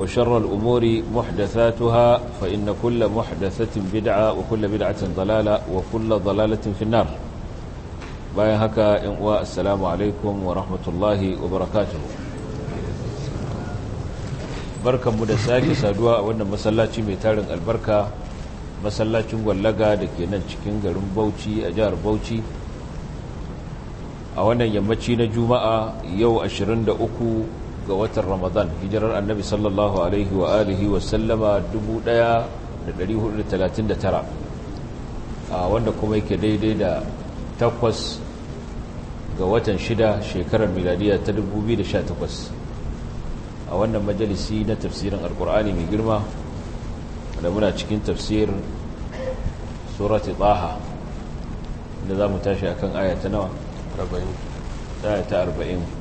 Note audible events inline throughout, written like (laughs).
وشر الأمور محدثاتها فإن كل محدثة بدعة وكل بدعة ضلالة وكل ضلالة في النار باين هكا إنواء السلام عليكم ورحمة الله وبركاته بركة مدساك سادواء وأن مسلاتي ميتارن البركة مسلاتي واللغة دكينا تشكينغ رمبوتي أجار بوتي a wannan yammaci na juma'a yau 23 ga watan ramadan hijirar annabi sallallahu alaihi wa alihi wa sallama 1439 a wanda kuma yake daidai da takwas ga watan shida shekarar miladiya ta 2018 a wannan majalisi na tafsirin alkur'ani mai girma da muna cikin tafsir surat tsaha da za mu tashi akan ayata nawa 40 ta 40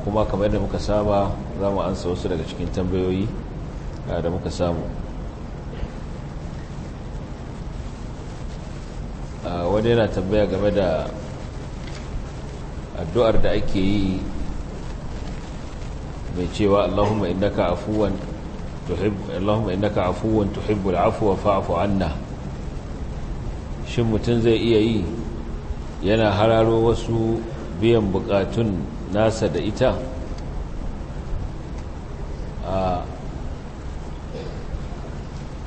kuma kamar da muka saba za mu ansa wasu daga cikin tambayoyi da muka samu wani yana tambaya game da addu'ar da ake yi mai cewa allahumma innaka afuwan afuwan tuhibbul afwa fa'afu anna shin mutum zai iya yi yana hararo wasu biyan bukatun nasa da ita a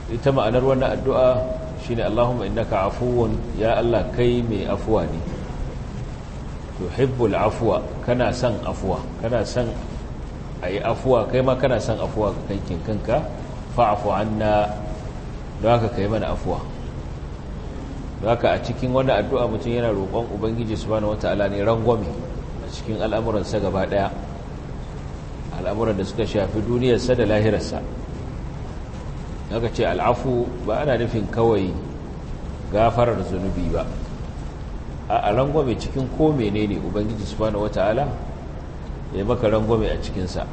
ita ma'anar wannan addu'a shi ne Allahumma ka afuwan ya Allah kai mai afuwa ne to hibbul afuwa kana son afuwa kana son a yi afuwa kai ma kana son afuwa ga kankin kanka an na da aka kai mana afuwa da aka a cikin wannan addu'a mutum yana roƙon ubangiji subhanahu wataala ne rangwame cikin al'amuransa gaba ɗaya al'amuran da suka shafi duniyarsa da lahirarsa aka ce al'afu ba ana nufin kawai gafarar zunubi ba a rangwame cikin ko ne ubangiji subhanahu ta'ala ya maka rangwame a cikinsa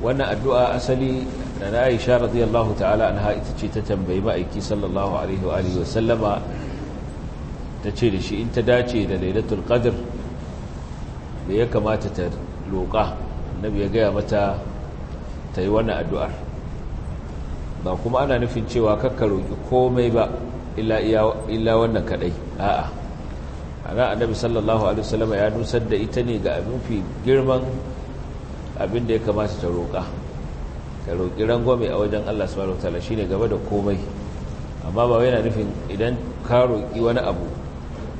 wannan addu'a asali da na aisha radiyallahu ta'ala anha ce ta tambayi ma'aiki sallallahu alaihi wa sallama ta ce da shi in ta dace da lailatul qadr da ya kamata ta roƙa annabi ya gaya mata ta yi wannan addu'ar ba kuma ana nufin cewa kakka roƙi komai ba illa wannan kadai. a'a ana annabi sallallahu alaihi wasallam ya nusar da ita ne ga mafi girman abin da ya kamata ta roƙa ta roƙi rangwame a wajen Allah subhanahu wataala shine gaba da komai amma ba yana nufin idan ka roƙi wani abu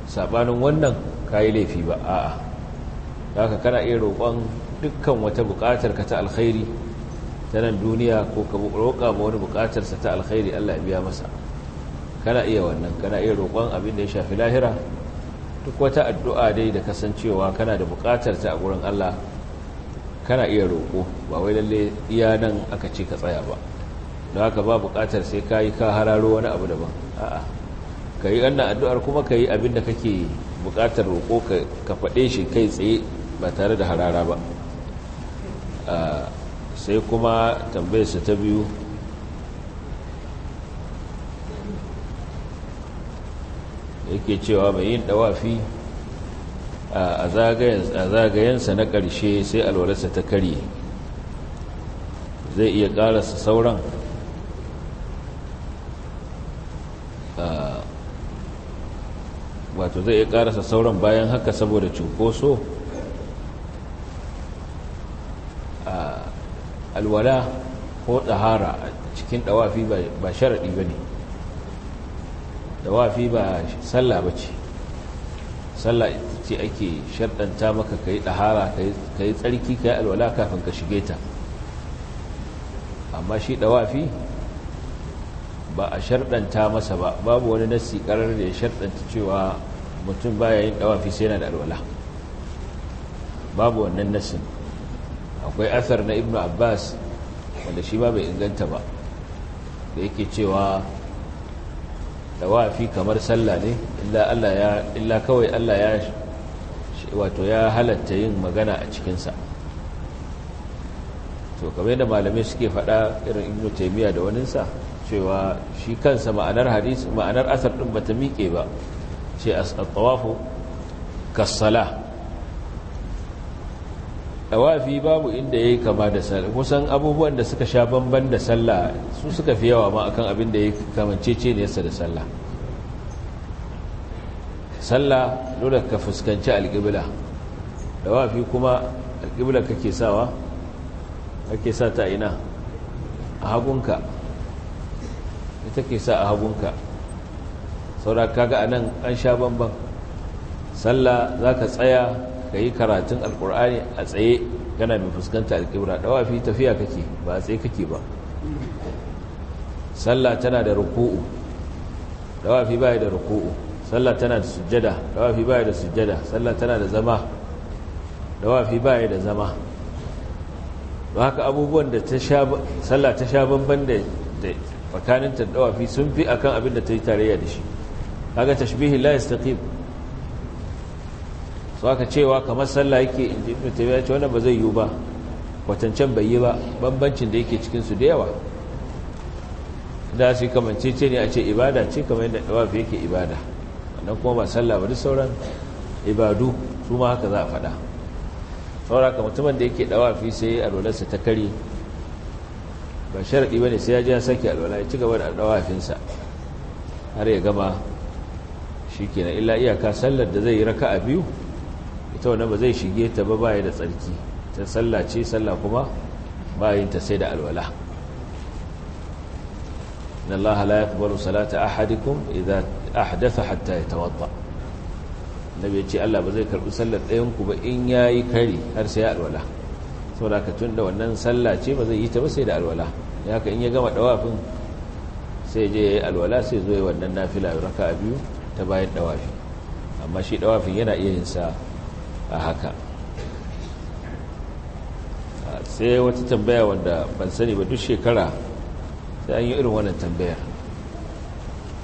sabanin wannan kayi laifi ba a'a ka kana iya roƙon dukkan wata buƙatar ka ta alkhairi ta nan duniya ko ka roƙa ma wani buƙatar sa ta alkhairi Allah ya biya masa kana iya wannan kana iya roƙon abin da ya shafi lahira duk wata addu'a dai da kasancewa kana da buƙatar ta a gurin Allah kana iya roƙo ba wai lalle iya nan aka ce ka tsaya ba don haka ba buƙatar sai ka yi ka hararo wani abu daban a'a ka yi wannan addu'ar kuma ka yi abin da kake buƙatar roƙo ka faɗe shi kai tsaye ba tare da harara ba sai kuma tambayarsa ta biyu yake cewa mai yin ɗawafi a zagayensa na ƙarshe sai alwalarsa ta karye zai iya ƙarasa sauran wato zai iya karasa sauran bayan haka saboda cunkoso alwala ko ɗahara a cikin ɗawafi ba sharaɗi ba ne ɗawafi ba sallah ba ce sallah ita ce ake sharɗanta maka ka yi ɗahara ka yi tsarki ka yi alwala kafin ka shige ta amma shi ɗawafi ba a sharɗanta masa ba babu wani nassi ƙarar da ya sharɗanta cewa mutum baya yin dawafi sai na da alwala babu wannan nasin akwai asar na ibnu abbas wanda shi ba bai inganta ba da yake cewa dawafi kamar sallah ne illa Allah ya illa kawai Allah ya wato ya halatta yin magana a cikinsa to kamar da malamai suke faɗa irin ibnu taimiyya da waninsa cewa shi kansa ma'anar hadis ma'anar asar din bata miƙe ba ce at-tawafu kas-salah tawafi babu inda yayi kama da sallah kusan abubuwan da suka sha bamban da sallah su suka fi yawa ma akan abin da yake kamancece ne yasa da sallah sallah dole ka fuskanci alqibla tawafi kuma alqibla kake sawa kake sa ta ina a hagunka ita ke sa a hagunka saura kaga anan an sha bamban sallah zaka tsaya yi karatun alkur'ani a tsaye kana mai fuskanta alkibra dawafi tafiya kake ba a tsaye kake ba sallah tana da ruku'u dawafi baya da ruku'u sallah tana da sujjada dawafi baya da sujjada sallah tana da zama dawafi baya da zama don haka abubuwan da sallah ta sha banban da tsakanin dawafi sun fi akan abin da ta yi tarayya da shi kaga tashbihi la yastaqim so aka cewa kamar sallah yake inji ibnu ya ce wannan ba zai yiwu ba kwatancan bai yi ba bambancin da yake cikin su da yawa da shi cece ne a ce ibada ce kamar yadda fi yake ibada wannan kuma ba sallah ba duk sauran ibadu su ma haka za a faɗa saura ka mutumin da yake fi sai alwalarsa ta kare ba sharaɗi ba ne sai ya ji ya sake alwala ya ci gaba da dawafinsa har ya gama shi illa iyaka sallar da zai yi raka a biyu ita wani ba zai shige ta ba baya da tsarki ta sallah ce sallah kuma bayin ta sai da alwala inna allaha la yaqbalu salata ahadikum a ahdatha hatta yatawadda nabi ya ce Allah ba zai karbi sallar ɗayan ku ba in yayi kari har sai ya alwala saboda ka tunda wannan sallah ce ba zai yi ta ba sai da alwala ya ka in ya gama dawafin sai je ya yi alwala sai zo yi wannan nafila raka biyu ta bayan dawafi amma shi dawafin yana iya yin sa a haka sai wata tambaya wanda ban sani ba duk shekara sai an yi irin wannan tambaya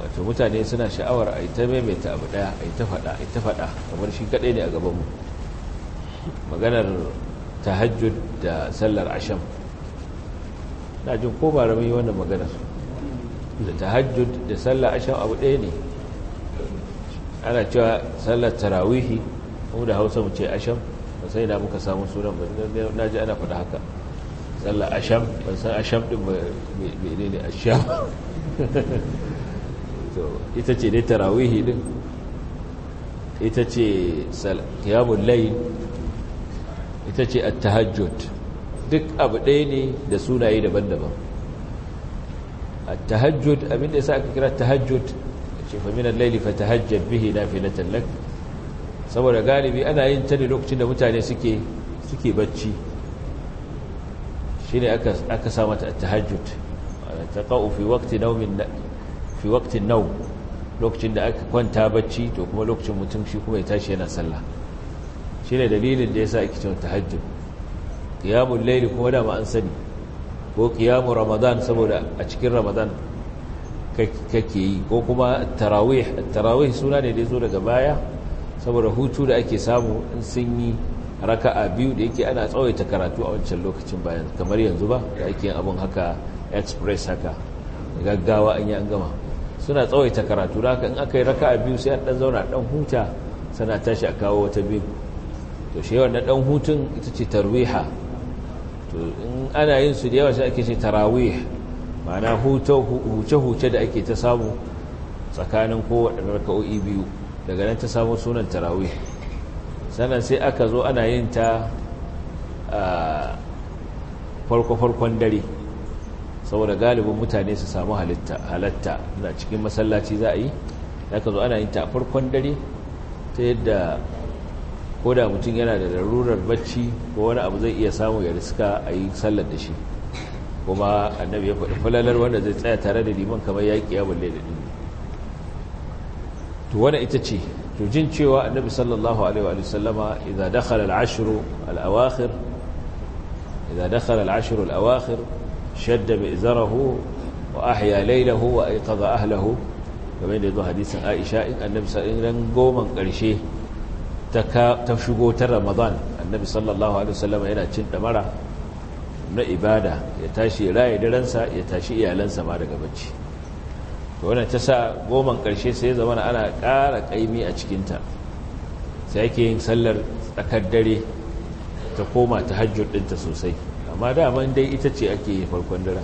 wato mutane suna sha'awar a yi ta maimaita abu daya a yi ta fada a yi ta fada kamar shi kadai ne a gabanmu maganar tahajjud da sallar asham na jin ko ba rami wannan maganar da tahajjud da sallar asham abu ɗaya ne ana cewa sallar tarawihi mu da hausa mu ce asham ba sai da muka samu sunan ba na ji ana faɗa haka sallar asham ban san asham ɗin ba ne ne asham (laughs) ita ce ne tarawihi ɗin ita ce kiyamun layin ita ce attahajjud duk abu ɗaya ne da sunaye daban-daban attahajjud abinda ya sa aka kira tahajjud ce fa min al bihi na fi na tallak saboda galibi ana yin ta ne lokacin da mutane suke suke bacci shine aka aka mata at-tahajjud taqa'u fi fi lokacin da aka kwanta bacci to kuma lokacin mutum shi kuma ya tashi yana sallah shine dalilin da yasa ake cewa tahajjud qiyamul layli kuma dama an sani ko qiyamu ramadan saboda a cikin ramadan kake yi ko kuma tarawih tarawih suna ne da zo daga baya saboda hutu da ake samu in sun yi raka'a biyu da yake ana tsawaita karatu a wancan lokacin bayan kamar yanzu ba da ake yin abin haka express haka gaggawa an yi an gama suna tsawaita karatu da haka in aka yi raka'a biyu sai an dan zauna dan huta sana tashi a kawo wata biyu to shi na dan hutun ita ce tarwiha to in ana yin su da yawa sai ake ce tarawih mana huce-huce da ake ta samu tsakanin kowaɗannan raka'o'i biyu daga nan ta samu sunan tarawih sannan sai aka zo ana yin ta a farko-farkon dare saboda galibin mutane su samu halatta na cikin masallaci za a yi aka zo ana yin ta a farkon dare ta yadda ko da mutum yana da larurar bacci ko wani abu zai iya samu ya riska a yi sallar da shi kuma annabi ya faɗi fulalar wanda zai tsaya tare da liman kamar ya ƙiya balle da ɗin to wani ita ce to jin cewa annabi sallallahu alaihi wa sallama idan dakhala al-ashru al-awakhir idan dakhala al-ashru al-awakhir shadda bi izarahu wa ahya laylahu wa ayqadha ahlihi kamar da zo hadisin Aisha in annabi sallallahu goman ƙarshe ta shigo ta Ramadan annabi sallallahu alaihi wa sallama yana cin damara na ibada ya tashi raye daransa ya tashi iyalansa ma daga bacci to wannan ta sa goman karshe sai zama ana ƙara ƙaimi a cikinta sai yake yin sallar tsakar dare ta koma ta hajjur ɗinta sosai amma daman dai ita ce ake yi farkon daren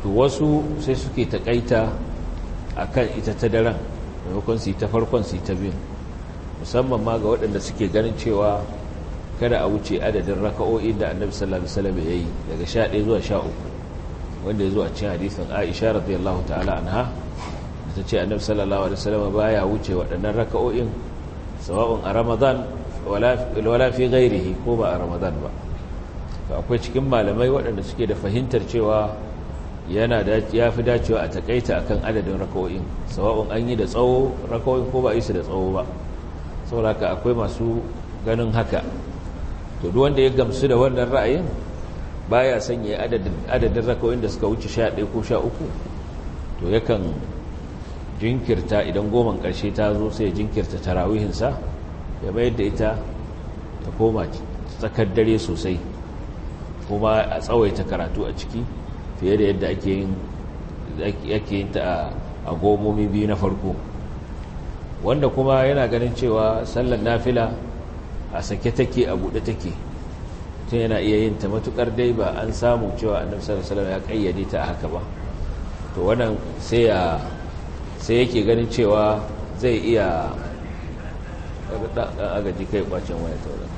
to wasu sai suke taƙaita a kan ita ta daren maimakon su yi ta farkon su yi ta biyun musamman ma ga waɗanda suke ganin cewa kada a wuce adadin raka'o'in da annabi sallallahu alaihi wasallam ya yi daga 11 zuwa 13 wanda ya zo a cikin hadisin Aisha radiyallahu ta'ala anha da ce annabi sallallahu alaihi wasallam baya wuce waɗannan raka'o'in sawa'un a Ramadan wala fi ghairihi ko ba a Ramadan ba to akwai cikin malamai waɗanda suke da fahimtar cewa yana da yafi dacewa a takaita akan adadin raka'o'in sawa'un an yi da tsawo raka'o'in ko ba a yi su da tsawo ba saboda haka akwai masu ganin haka to duk wanda ya gamsu da wannan ra'ayin baya sanya adadin adadin da suka wuce 11 ko 13 to yakan jinkirta idan goman ƙarshe ta zo sai ya jinkirta tarawihinsa ya bayar da ita ta koma tsakar dare sosai kuma a tsawaita karatu a ciki fiye da yadda ake yin ta a gomomi biyu na farko wanda kuma yana ganin cewa sallar nafila a sake take a buɗe take tun yana iya yin ta matukar dai ba an samu cewa annabi sallallahu alaihi ya kayyade ta haka ba to wannan sai ya sai yake ganin cewa zai iya agaji kai kwacin waya ta wurin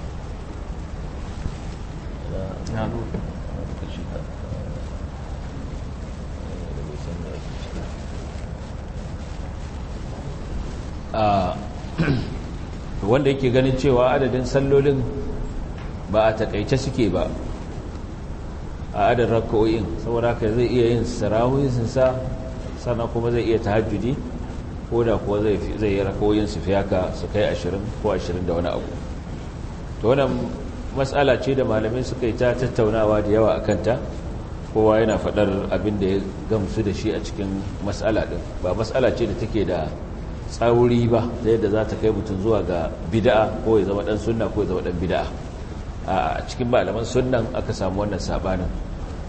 a (clears throat) wanda yake ganin cewa adadin sallolin ba a takaice suke ba a adadin raka'o'in saboda haka zai iya yin sarahoyinsa sannan kuma zai iya tahajjudi ko da kuwa zai yi rakoyin su fi haka su kai ashirin ko ashirin da wani abu ta wannan matsala ce da malamin suka yi ta tattaunawa da yawa a kanta kowa yana faɗar abin da ya gamsu da shi a cikin matsala ɗin ba matsala ce da take da tsauri ba ta yadda za ta kai mutum zuwa ga bida'a ko ya zama dan sunna ko ya zama dan bida'a a cikin malaman sunnan aka samu wannan sabanin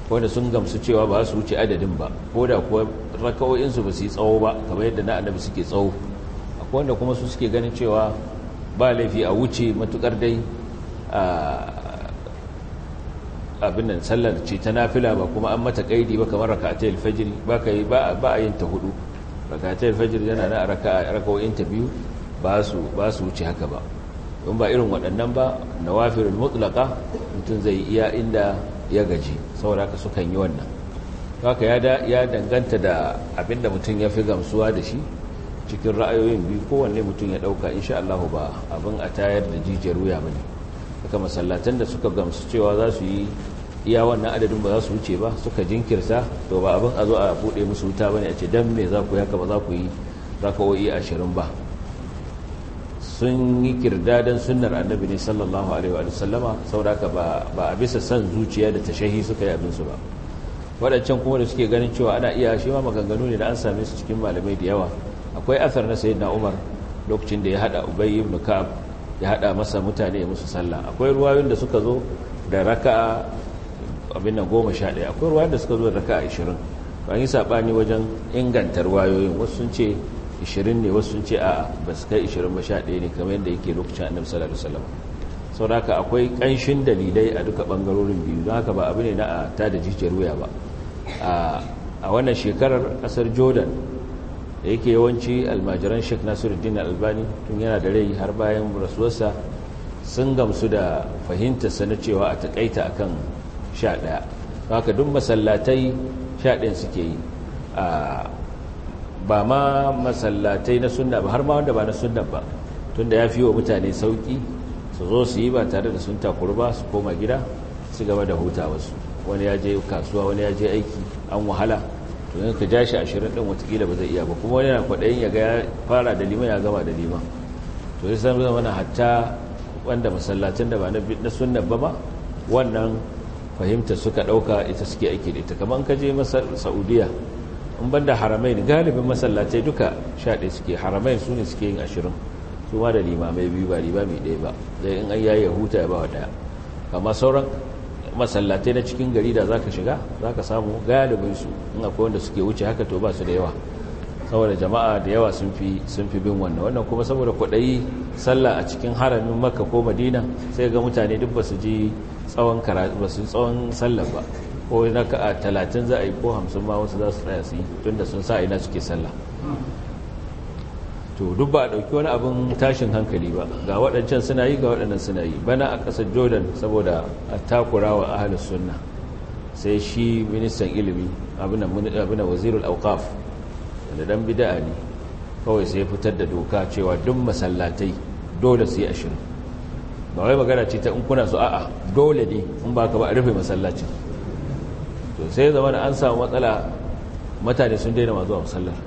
wanda sun gamsu cewa ba su wuce adadin ba ko da kuwa raka'o'insu ba su yi tsawo ba kamar yadda na annabi suke tsawo akwai wanda kuma su suke ganin cewa ba laifi a wuce matukar dai abin nan sallar ce ta nafila ba kuma an mata kaidi ba kamar raka'atul fajr ba kai ba a yin ta hudu rakatar fajir yana na raka'o'in ta biyu ba su wuce haka ba in ba irin waɗannan ba na wafirin mutlaka mutum zai iya inda ya gaji saboda haka sukan yi wannan haka ya danganta da abinda mutum ya fi gamsuwa da shi cikin ra'ayoyin biyu kowanne mutum ya ɗauka insha Allah ba abin a tayar da jijiyar wuya ba ne haka masallatan da suka gamsu cewa za su yi iya wannan adadin ba za su wuce ba suka jinkirta to ba abin a zo a buɗe musu wuta ba ne a ce don me za ku yaka ba za ku yi za ka raka'o'i ashirin ba sun yi kirdadan sunar annabi ne sallallahu alaihi wa sallama sauraka ba a bisa san zuciya da shahi suka yi abinsu ba waɗancan kuma da suke ganin cewa ana iya shi ma maganganu ne da an same su cikin malamai da yawa akwai asar na sayyidina umar lokacin da ya hada ubay ibn ka'ab ya hada masa mutane musu sallah akwai ruwayoyin da suka zo da raka'a abin nan goma sha ɗaya akwai ruwa da suka zo da a ishirin an yi saɓani wajen inganta ruwayoyin wasu sun ce ishirin ne wasu sun ce a ba su kai ishirin ba sha ɗaya ne kamar yadda yake lokacin annabi sallallahu alaihi wasallam sau da haka akwai ƙanshin dalilai a duka ɓangarorin biyu don haka ba abu ne na a ta da jijiyar wuya ba a wannan shekarar ƙasar jordan da yake yawanci almajiran sheik nasiruddin albani tun yana da rai har bayan rasuwarsa sun gamsu da fahimtarsa na cewa a takaita akan 11 ba ka duk masallatai 11 suke yi ba ma masallatai na sunna ba har ma wanda ba na sunna ba tunda ya fi wa mutane sauƙi su zo su yi ba tare da sun takuru ba su koma gida su gaba da huta wasu wani ya je kasuwa wani ya je aiki an wahala to ka jashi ashirin ɗin watakila ba zai iya ba kuma wani yana kwaɗayin ya ga ya fara da liman ya gama da liman to ya san zama na hatta wanda masallacin da ba na sunna ba ba wannan fahimta suka ɗauka ita suke aiki da ita kamar ka je saudiya in banda haramai galibin masallatai duka sha ɗaya suke haramain su ne suke yin ashirin su ma da limamai biyu ba limami ɗaya ba zai in an yayi huta ya ba wa ɗaya kama sauran masallatai na cikin gari da za ka shiga za ka samu galibin su in akwai wanda suke wuce haka to ba su da yawa saboda jama'a da yawa sun fi sun fi bin wannan wannan kuma saboda kudai sallah a cikin haramin makka ko madina sai ga mutane duk ba su ji tsawon karatu ba su tsawon sallah ba ko na ka talatin za a yi ko hamsin ma wasu za su tsaya su yi sun sa ina suke sallah to duk ba a ɗauki wani abin tashin hankali ba ga waɗancan suna yi ga waɗannan suna yi bana a ƙasar jordan saboda a takurawa ahalus sunna sai shi ministan ilimi abin da wazirul awqaf da dan bida'a ne kawai sai fitar da doka cewa duk masallatai dole sai ashirin ba wai magana ce ta in kuna so a'a dole ne in ba ka ba a rufe masallacin to sai zama da an samu matsala mutane sun daina ma zuwa masallar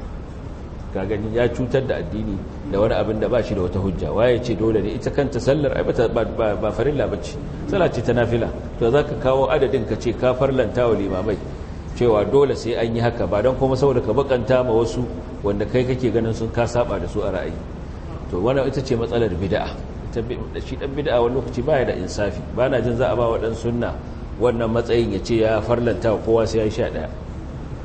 ka gani ya cutar da addini da wani abin da ba shi da wata hujja waye ce dole ne ita kanta sallar ai ba farilla bace sallah ce ta nafila to za ka kawo adadin ka ce ka farlanta wa limamai cewa dole sai an yi haka ba don kuma saboda ka bakanta ma wasu wanda kai kake ganin sun ka saba da su a ra'ayi to wannan ita ce matsalar bida'a ita shi dan bida'a wani lokaci ba ya da insafi ba na jin za a ba wa dan sunna wannan matsayin ya ce ya farlanta kowa sai ya sha daya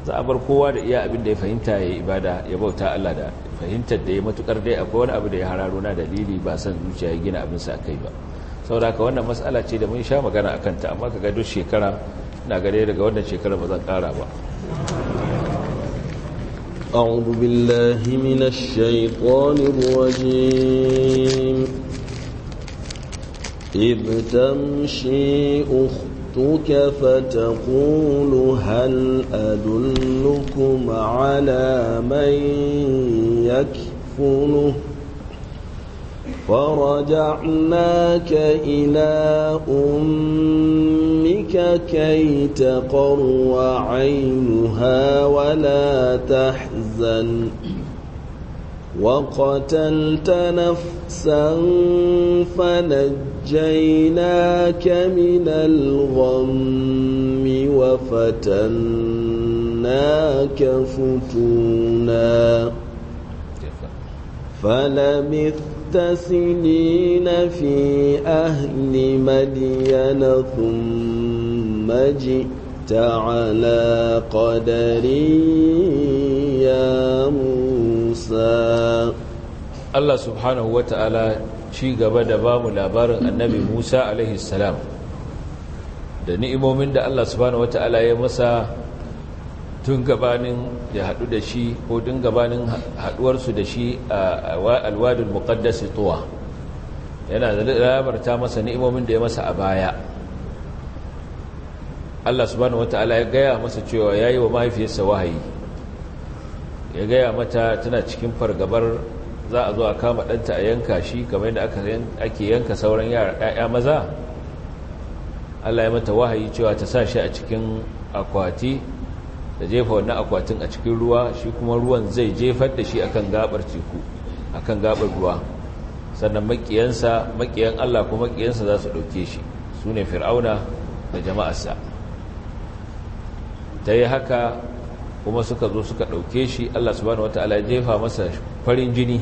za a bar kowa da iya abin da ya fahimta ya ibada ya bauta Allah da fahimtar da ya matukar dai akwai wani abu da ya hararo na dalili ba san zuciya ya gina abin sa kai ba saboda haka wannan matsala ce da mun sha magana akan ta amma kaga duk shekara na gare daga wannan shekarar ba zan kara ba أعوذ بالله من الشيطان الرجيم إذ تمشي أختك فتقول هل أدلكم على من يكفله فرجعناك إلى أمك كي تقر عينها ولا تحزن وقتلت نفسا فنجيناك من الغم وفتناك فتونا فلبثت ست في أهل مدين ثم جئت على قدري يا موسى الله سبحانه وتعالى ci gaba da ba mu labarin annabi Musa alaihi salam da ni'imomin da Allah subhanahu wataala ya masa tun gabanin ya haɗu da shi ko tun gabanin haɗuwarsu da shi a alwadin muƙaddasi tuwa yana da labarta masa ni'imomin da ya masa a baya Allah subhanahu wata'ala ya gaya masa cewa ya yi wa mahaifiyarsa wahayi ya gaya mata tana cikin fargabar za a zo a kama ɗanta a yanka shi kamar yadda ake yanka sauran ya'ya maza Allah ya mata wahayi cewa ta sa shi a cikin akwati da jefa wannan akwatin a cikin ruwa shi kuma ruwan zai jefar da shi akan gabar teku akan gabar ruwa sannan makiyansa makiyan Allah kuma makiyansa za su dauke shi sune fir'auna da jama'arsa ta yi haka kuma suka zo suka dauke shi Allah subhanahu wataala ya jefa masa farin jini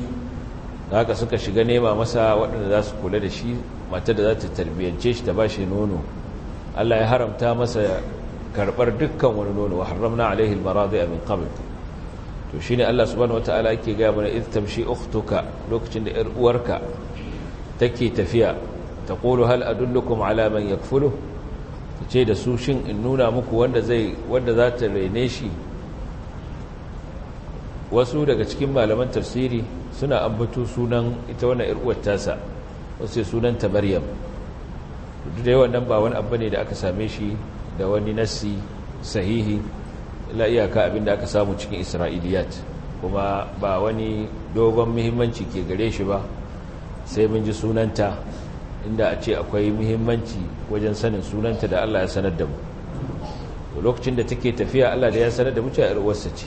haka suka shiga nema masa waɗanda za su kula da shi matar da za ta tarbiyyance shi ta ba shi nono Allah ya haramta masa karɓar dukkan wani nono wa haramna alaihi almaradi min qabl to shine Allah subhanahu wataala yake ga mana id tamshi ukhtuka lokacin da yar uwarka take tafiya taqulu hal adullukum ala man yakfulu tace da su shin in nuna muku wanda zai wanda za ta rene shi wasu daga cikin malaman tafsiri suna ambato sunan ita wannan yar uwar tasa wasu sunan ta Maryam duk da yawan nan ba wani abu ne da aka same shi da wani nassi sahihi la iyaka abin da aka samu cikin isra'iliyat kuma ba wani dogon muhimmanci ke gare shi ba sai mun ji sunanta inda a ce akwai muhimmanci wajen sanin sunanta da Allah ya sanar da mu lokacin da take tafiya Allah da ya sanar da mu cewa uwarsa ce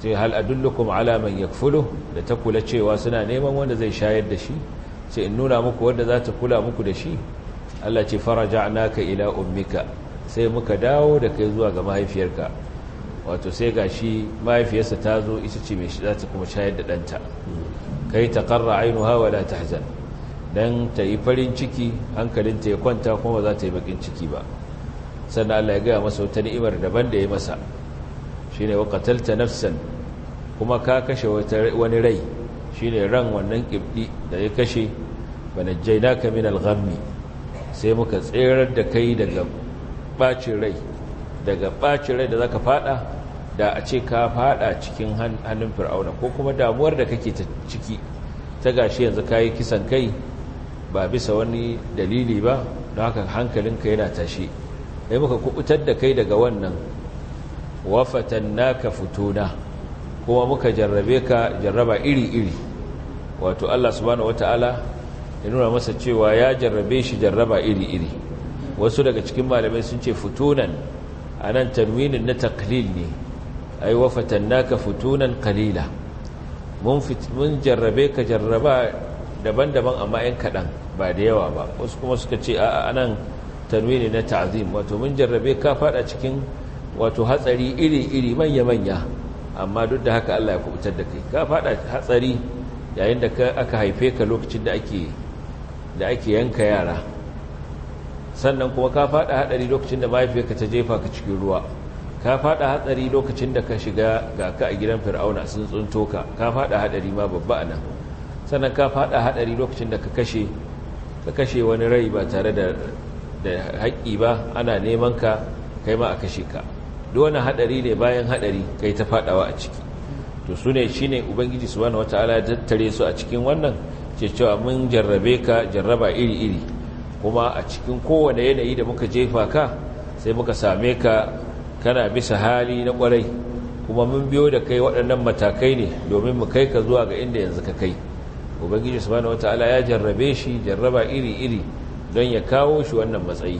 sai hal adullukum ala man yakfulu da ta kula cewa suna neman wanda zai shayar da shi sai in nuna muku wanda za ta kula muku da shi Allah ce ka ila ummika sai muka dawo da kai zuwa ga mahaifiyarka wato sai gashi mahaifiyarsa ta zo ita ce mai shida ta kuma shayar da danta kai taqarra ainuha wala tahzan dan ta yi farin ciki hankalinta ya kwanta kuma ba za ta yi bakin ciki ba sannan Allah ya gaya masa wata ni'imar daban da ya masa shine wa nafsan kuma ka kashe wani rai shine ran wannan kibdi da ya kashe banajjaynaka min al-ghammi sai muka tserar da kai daga ɓacin rai daga ɓacin rai da za ka fada da a ce ka fada cikin hannun fir'auna ko kuma damuwar da kake ta ciki ta gashi yanzu ka yi kisan kai ba bisa wani dalili ba don haka hankalinka yana tashi sai muka kubutar da kai daga wannan wafatan naka na kuma muka jarrabe ka jarraba iri-iri wato Allah subhanahu wata'ala ya nuna masa cewa ya jarrabe shi jarraba iri-iri wasu daga cikin malamai sun ce futunan a nan tanwinin na taklil ne yi wafatan naka futunan kalila mun jarrabe ka jarraba daban-daban amma 'yan kaɗan ba da yawa ba wasu kuma suka ce a nan tanwini na ta'azim wato mun jarrabe ka fada cikin wato hatsari iri-iri manya-manya amma duk da haka Allah ya kubutar da kai ka fada hatsari yayin da aka haife ka lokacin da ake da ake yanka yara sannan kuma ka fada hadari lokacin da mahaifiyarka ta jefa ka cikin ruwa ka fada hadari lokacin da ka shiga ga ka a gidan fir'auna sun tsunto ka ka fada hadari ma babba nan sannan ka fada hadari lokacin da ka kashe wani rai ba tare da da haƙƙi ba ana neman ka kai ma a kashe ka duk wani hadari ne bayan hadari kai ta fadawa a ciki to su ne shine ubangiji subhanahu wataala ya tattare su a cikin wannan ke cewa mun jarrabe ka jarraba iri-iri kuma a cikin kowane yanayi da muka jefa ka sai muka same ka kana bisa hali na kwarai kuma mun biyo da kai waɗannan matakai ne domin mu kai ka zuwa ga inda yanzu ka kai ubangiji subhanahu wataala ya jarrabe shi jarraba iri-iri don ya kawo shi wannan matsayi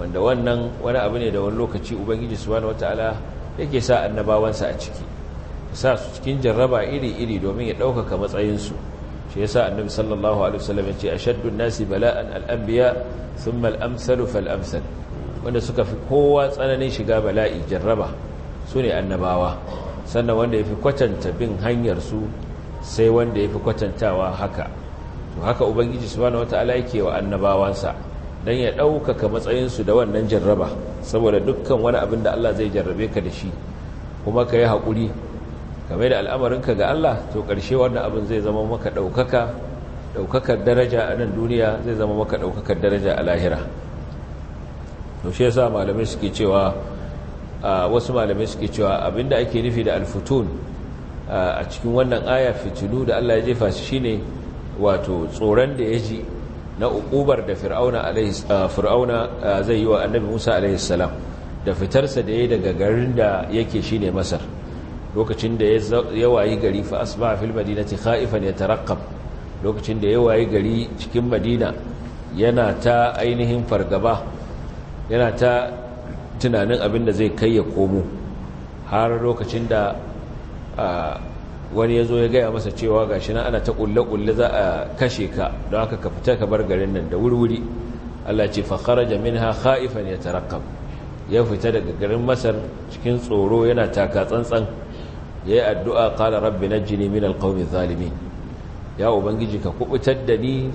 wanda wannan wani abu ne da wani lokaci ubangiji subhanahu wataala yake sa annabawansa a ciki sa su cikin jarraba iri-iri domin ya ɗaukaka matsayinsu shi yasa annabi sallallahu alaihi wasallam yace ashaddu an-nasi bala'an al-anbiya thumma al-amsalu fal-amsal wanda suka fi kowa tsananin shiga bala'i jarraba sune annabawa sannan wanda yafi kwatanta bin hanyar su sai wanda yafi kwatantawa haka to haka ubangiji subhanahu wataala yake wa annabawansa dan ya ɗaukaka matsayin su da wannan jarraba saboda dukkan wani abin da Allah zai jarrabe ka da shi kuma ka yi haƙuri kamar da al'amarinka ga Allah to ƙarshe wannan abin zai zama maka ɗaukaka ɗaukakar daraja a nan duniya zai zama maka ɗaukakar daraja a lahira to shi yasa malamai suke cewa wasu malamai suke cewa abinda ake nufi da alfutun a cikin wannan aya fitinu da Allah ya jefa shi shine wato tsoron da ya ji na ukubar da fir'auna zai yi wa annabi Musa alaihi salam da fitarsa da yayi daga garin da yake shine Masar lokacin da ya wayi gari fa asba fil madinati khaifan yataraqqab lokacin da ya wayi gari cikin madina yana ta ainihin fargaba yana ta tunanin abin da zai kai ya komo har lokacin da wani ya zo ya gaya masa cewa gashi nan ana ta kulle-kulle za a kashe ka don haka ka fita ka bar garin nan da wurwuri Allah ce fa kharaja minha khaifan yataraqqab ya fita daga garin Masar cikin tsoro yana taka tsantsan ya yi addu'a ƙala rabbi na jini min alƙaunin zalimi ya ubangiji ka kuɓutar da ni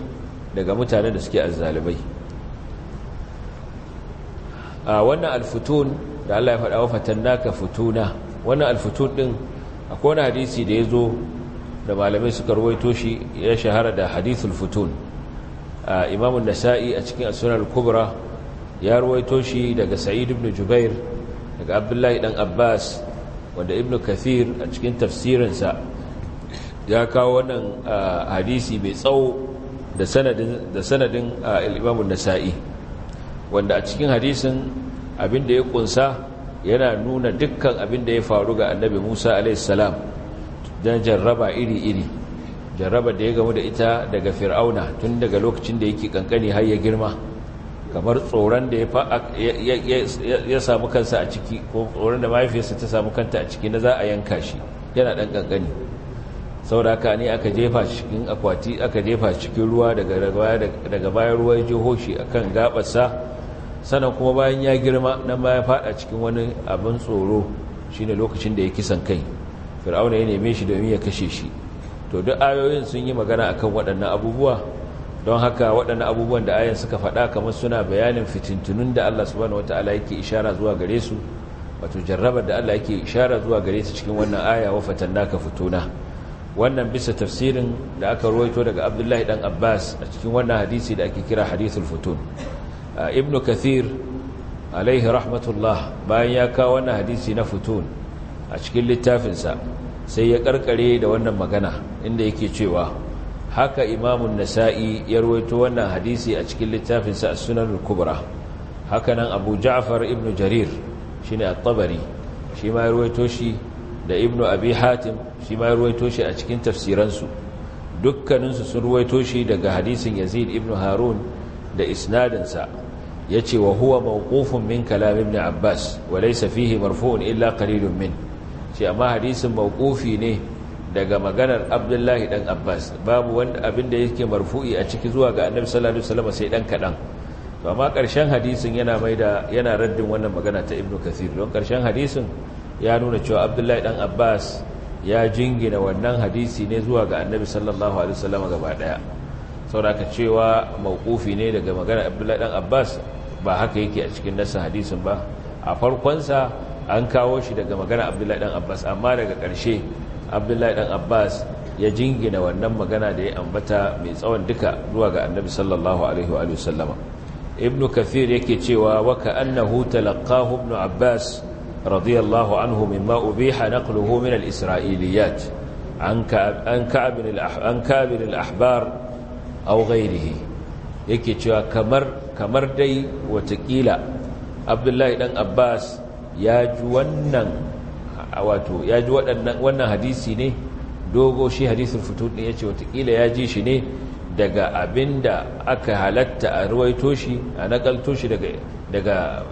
daga mutanen da suke azzalibai a wannan alfutun da Allah ya faɗa wa fatanna ka futuna wannan alfutun ɗin akwai wani hadisi da ya zo da malamai suka ruwaito shi ya shahara da hadithul futun imamun nasa'i a cikin asunar kubra ya ruwaito shi daga sa'id ibn jubair daga abdullahi dan abbas wanda ibn kathir a cikin tafsirinsa ya kawo wannan hadisi mai tsawo da sanadin al'imamun nasa'i wanda a cikin hadisin abinda ya kunsa yana nuna dukkan abinda ya faru ga annabi musa alaihissalam don jarraba iri-iri jarraba da ya gamu da ita daga fir'auna tun daga lokacin da yake kankani har ya girma kamar tsoron da ya samu kansa a ciki ko tsoron da mahaifiyarsa ta samu kanta a ciki na za a yanka shi yana ɗan ƙanƙani sauraka ne aka jefa cikin akwati aka jefa cikin ruwa daga bayan ruwa ya shi a kan gaɓarsa sannan kuma bayan ya girma nan baya faɗa cikin wani abin tsoro shi ne lokacin da ya kisan kai fir'auna ya neme shi domin ya kashe shi to duk ayoyin sun yi magana akan waɗannan abubuwa don haka waɗannan abubuwan da ayan suka faɗa kamar suna bayanin fitintunun da Allah subhanahu wataala yake ishara zuwa gare su wato jarrabar da Allah yake ishara zuwa gare su cikin wannan aya wa fatannaka futuna wannan bisa tafsirin da aka ruwaito daga Abdullahi dan Abbas a cikin wannan hadisi da ake kira hadithul futun ibn kathir alaihi rahmatullah bayan ya kawo wannan hadisi na futun a cikin littafinsa sai ya karkare da wannan magana inda yake cewa haka imamun nasa'i ya ruwaito wannan hadisi a cikin littafinsa a sunan haka hakanan abu ja'afar ibn jarir shine at-tabari shi ma ya shi da ibn abi hatim shi ma ya shi a cikin tafsiransu dukkaninsu sun ruwaito shi daga hadisin yazid ibn harun da isnadinsa ya ce wa huwa mawqufun min kalam ibn abbas wa laysa fihi marfu'un illa qalilun min shi amma hadisin mawqufi ne daga maganar abdullahi dan abbas babu wanda abinda yake marfu'i a ciki zuwa ga annabi sallallahu alaihi sai dan kaɗan to amma karshen hadisin yana maida yana raddin wannan magana ta ibnu kathir don karshen hadisin ya nuna cewa abdullahi dan abbas ya jingina wannan hadisi ne zuwa ga annabi sallallahu alaihi wasallam gaba daya sauraka cewa mauqufi ne daga maganar abdullahi dan abbas ba haka yake a cikin nasa hadisin ba a farkonsa an kawo shi daga maganar abdullahi dan abbas amma daga karshe abdullahi dan abbas ya jingina wannan magana da ya ambata mai tsawon duka zuwa ga annabi sallallahu alaihi wa sallama ibnu kathir yake cewa wa annahu talaqahu ibnu abbas radiyallahu anhu mimma ubiha naqluhu min al-isra'iliyat an ka'ab an ka'ab al-ahbar aw ghayrihi yake cewa kamar kamar dai watakila abdullahi dan abbas ya ji wannan a wato ya ji wannan hadisi ne dogo shi hadisin fito ne ya ce watakila ya ji shi ne daga abin da aka halatta a ruwaito shi a nakalto shi daga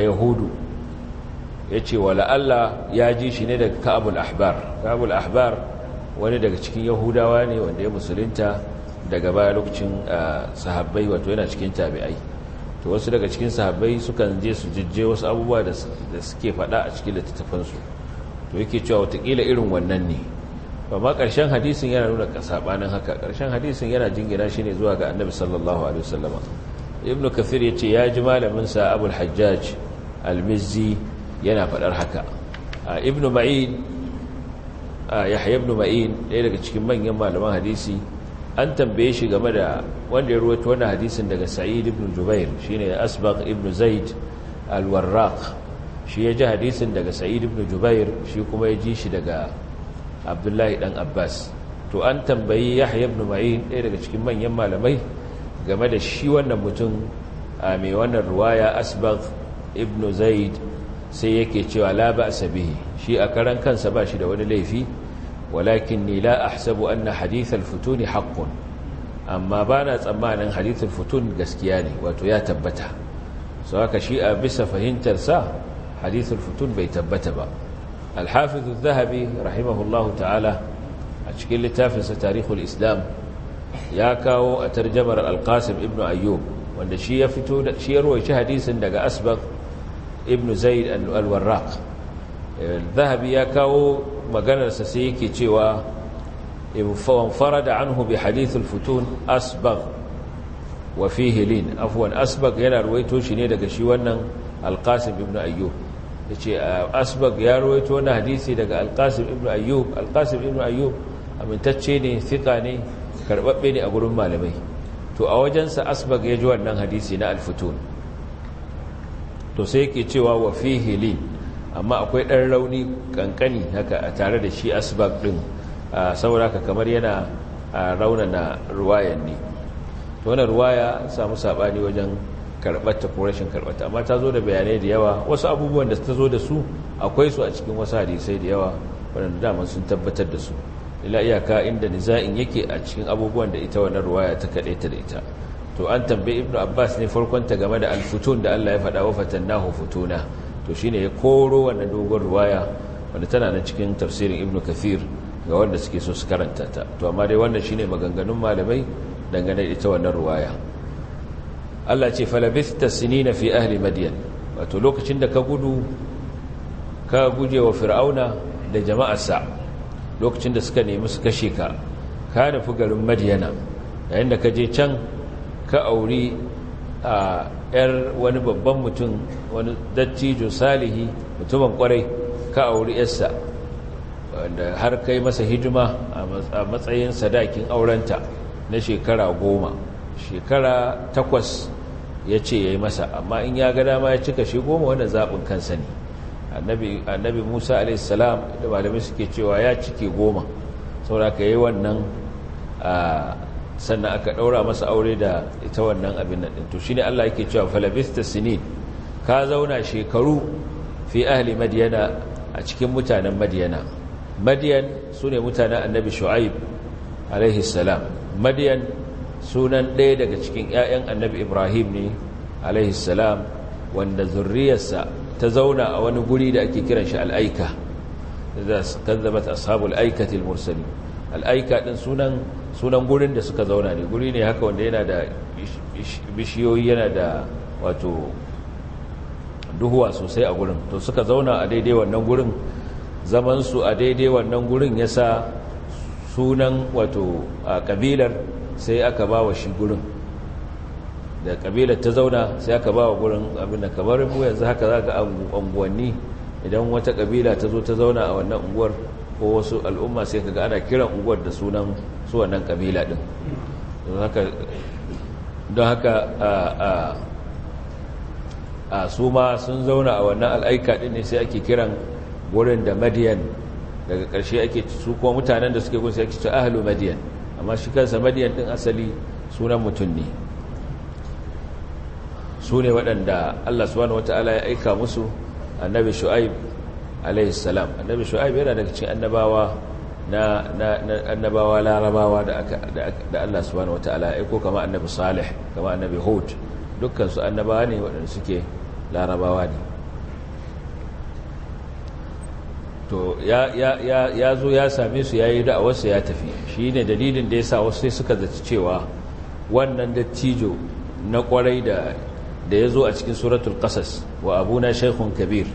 yahudu ya ce la'alla ya ji shi ne daga ka'abul ahbar ka'abul ahbar wani daga cikin yahudawa ne wanda ya musulinta daga baya lokacin sahabbai wato yana cikin tabi'ai to wasu daga cikin sahabbai sukan je su jijje wasu abubuwa da suke fada a cikin littattafansu to yake cewa watakila irin wannan ne amma karshen hadisin yana nuna saɓanin haka Karshen hadisin yana jingina shi ne zuwa ga annabi sallallahu alaihi wasallama ibnu kafir ya ce ya ji malaminsa abul hajjaj al-mizzi yana faɗar haka ibnu ma'in yahya ibnu ma'in ɗaya daga cikin manyan malaman hadisi an tambaye shi game da wanda ya ruwata wani hadisin daga sa'id ibn jubair shine asbaq ibn zaid al shi ya ji hadisin daga sa'id ibn jubair shi kuma ya ji shi daga abdullahi dan abbas to an tambayi yahya ibn ma'in ɗaya daga cikin manyan malamai game da shi wannan mutum a mai wannan ruwaya asbaq ibn zaid sai yake cewa la ba'sa shi a karan kansa ba shi da wani laifi walakinni la ahsabu anna hadithal futuni haqqun amma bana tsammanin hadithal futun gaskiya ne wato ya tabbata so shi a bisa fahimtar sa hadithal futun bai tabbata ba al-hafiz az-zahabi rahimahullahu ta'ala a cikin littafinsa tarihul islam ya kawo a tarjamar alkasim ibnu ibn ayyub wanda shi ya fito shi ya ruwaici hadisin daga asbaq ibnu zaid al-warraq eh, zahabi ya kawo maganarsa sai yake cewa ibn farada anhu bi hadithul futun asbagh wa fihi lin afwan asbag yana ruwaito shi ne daga shi wannan alqasim ibn ayyub yace ah, asbagh ya ruwaito wannan hadisi daga alqasim ibn ayyub alqasim ibn ayyub amintacce ne thiqa ne karbabbe ne a gurin malamai to a wajensa asbagh ya ji wannan hadisi na alfutun to sai yake cewa wa fihi lin amma akwai ɗan rauni kankani haka a tare da shi asibag ɗin saboda haka kamar yana raunana ruwayan ne wani ruwaya samu saɓani wajen karɓarta ko rashin karɓarta amma ta zo da bayanai da yawa wasu abubuwan da ta zo da su akwai su a cikin wasu hadisai da yawa waɗanda daman sun tabbatar da su ila iyaka inda niza'in yake a cikin abubuwan da ita wannan ruwaya ta kaɗai ta da ita to an tambayi ibnu abbas ne farkon ta game da alfutun da allah ya faɗa wa nahu futuna to shine ya koro wannan dogon ruwaya wanda tana nan cikin tafsirin ibnu kathir ga wanda suke so su karanta ta to amma dai wannan shine maganganun malamai dangane da ita wannan ruwaya Allah ce falabista sinina fi ahli madyan wato lokacin da ka gudu ka guje wa fir'auna da jama'arsa lokacin da suka nemi su kashe ka ka nufi garin madiyana yayin da ka je can ka auri a yar wani babban mutum wani dattijo salihi mutumin kwarai ka auri yarsa wanda har kai masa hidima a matsayin sadakin aurenta na shekara goma shekara takwas ya ce ya yi masa amma in ya ga dama ya cika shi goma wanda zaɓin kansa ne annabi musa alaihissalam da malamai suke cewa ya cike goma sauraka yi wannan ah, sannan aka ɗaura masa aure da ita wannan abin nan ɗin to shi ne Allah yake cewa falabista sinin ka zauna shekaru fi ahli madiyana a cikin mutanen madiyana madiyan su ne mutanen annabi shu'aib alaihi salam madiyan sunan ɗaya daga cikin 'ya'yan annabi ibrahim ne alaihi salam wanda zurriyarsa ta zauna a wani guri da ake kiran shi al'aika da kazzabat ashabul aikatil mursalin al'aika din sunan sunan gurin da suka zauna ne guri ne haka wanda yana da bishiyoyi yana da wato duhuwa sosai a gurin to suka zauna a daidai wannan gurin zamansu a daidai wannan gurin ya sa sunan wato a kabilar sai aka ba wa shi gurin da kabilar ta zauna sai aka ba wa gurin abinda kamar yanzu haka za ga anguwanni idan wata kabila ta zo ta zauna a wannan unguwar ko wasu al'umma sai kaga ana kiran unguwar da sunan su wannan kabila din don haka a su ma sun zauna a wannan al'aika din ne sai ake kiran wurin da madiyan daga ƙarshe ake su kuma mutanen da suke gun sai ake ci ahalu madiyan amma shi kansa madiyan din asali sunan mutum ne su ne waɗanda allah subhanahu wata'ala ya aika musu annabi shu'aib alaihi salam annabi shu'aib yana daga cikin annabawa na annabawa larabawa da da Allah subhanahu wataala ya aiko kama annabi salih kama annabi hud dukkan su annabawa ne waɗanda suke larabawa ne to ya zo ya same su ya yi da'awarsa ya tafi shi ne dalilin da ya sa wasu sai suka zaci cewa wannan dattijo na kwarai da ya zo a cikin suratul kasas wa abuna shaikhun kabir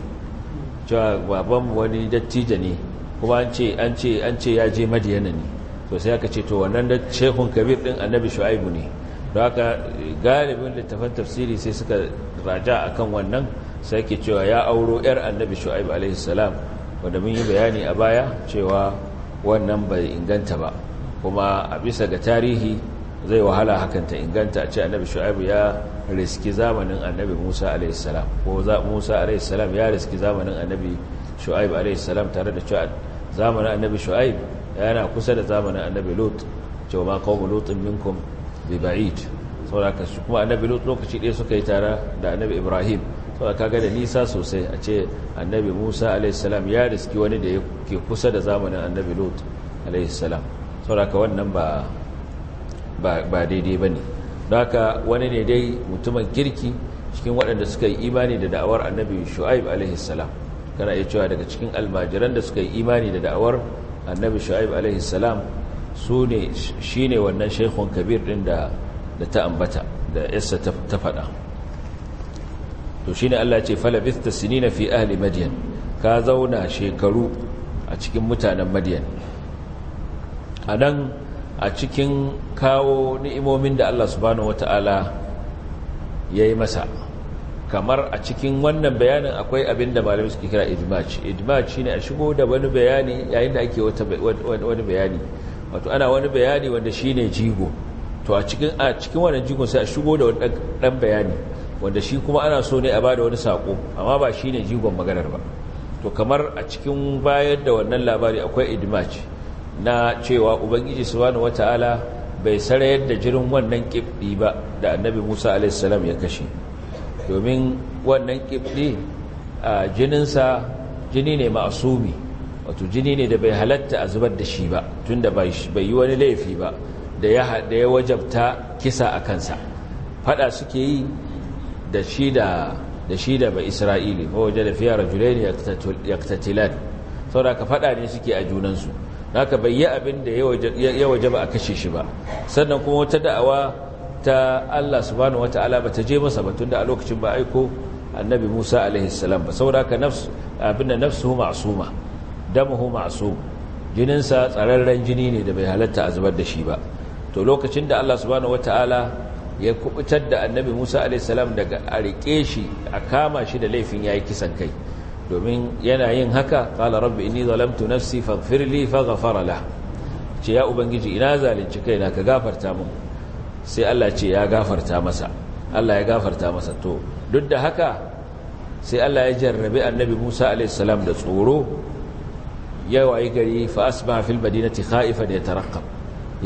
cewa babanmu wani dattijo ne kuma an ce ya je madiyana ne to sai aka ce to wannan da shekun kabir din annabi shu'aibu ne don haka galibin littafan tafsiri sai suka raja akan wannan sai ke cewa ya auro yar annabi shu'aibu alaihi salam wanda mun yi bayani a baya cewa wannan bai inganta ba kuma a bisa ga tarihi zai wahala hakan ta inganta a ce annabi shu'aibu ya riski zamanin annabi musa alaihissalam ko musa alaihissalam ya riski zamanin annabi shu'aib alaihissalam tare da cewa zamanin annabi shu'aib yana kusa da zamanin annabi lut cewa ma kawo lutin minkum bi ba'id sauraka shi kuma annabi lot lokaci ɗaya suka yi tara da annabi ibrahim sauraka ga da nisa sosai a ce annabi musa alaihissalam ya riski wani da ke kusa da zamanin annabi lut alaihissalam ka wannan ba daidai ba ne haka wani ne dai mutumin kirki cikin waɗanda suka yi imani da da'awar annabi shu'aib alaihissalam kana iya cewa daga cikin almajiran da suka yi imani da da'awar annabi shu'aib alaihissalam su ne shi ne wannan shaikhun kabir ɗin da ta ambata da yassa ta faɗa to shi ne allah ce falabista sinina fi ahli madiyan ka zauna shekaru a cikin mutanen madiyan a nan a cikin kawo ni'imomin da Allah subhanahu wata'ala ya yi masa kamar a cikin wannan bayanin akwai abin da malamai suke kira idmaci idmaci ne a shigo da wani bayani yayin da ake wani bayani wato ana wani bayani wanda shi ne jigo to a cikin a cikin wannan jigo sai a shigo da wani dan bayani wanda shi kuma ana so ne a bada wani sako amma ba shi ne jigon maganar ba to kamar a cikin bayar da wannan labari akwai idmaci na cewa ubangiji subhanahu wataala bai sarayar da jirin wannan kibdi ba da annabi Musa a.s. ya kashe domin wannan kibdi a jininsa jini ne ma'asubi wato jini ne da bai halatta a zubar da shi ba tunda da bai yi wani laifi ba da ya wajabta kisa a kansa fada suke yi da shi da da shi da ba isra'ili ba waje da fiye rajulai ne saboda ka fada ne suke a junansu haka bai yi abin da ya waje ba a kashe shi ba sannan kuma wata da'awa ta Allah subhanahu wata'ala ba ta je masa ba da a lokacin ba aiko annabi Musa alaihi salam ba saboda haka nafsu abin da nafsuhu ma'suma jininsa tsararren jini ne da bai halatta a zubar da shi ba to lokacin da Allah subhanahu wata'ala ya kubutar da annabi Musa alaihi salam daga a rike shi a kama shi da laifin yayi kisan kai domin yana yin haka qala rabbi inni zalamtu nafsi faghfir li faghfara lah ce ya ubangiji ina zalunci kaina ka gafarta min sai Allah ce ya gafarta masa Allah ya gafarta masa to duk da haka sai Allah ya jarrabe annabi Musa a.s. da tsoro yawa yi gari fa'asma fil madinati kha'ifan ya tarakam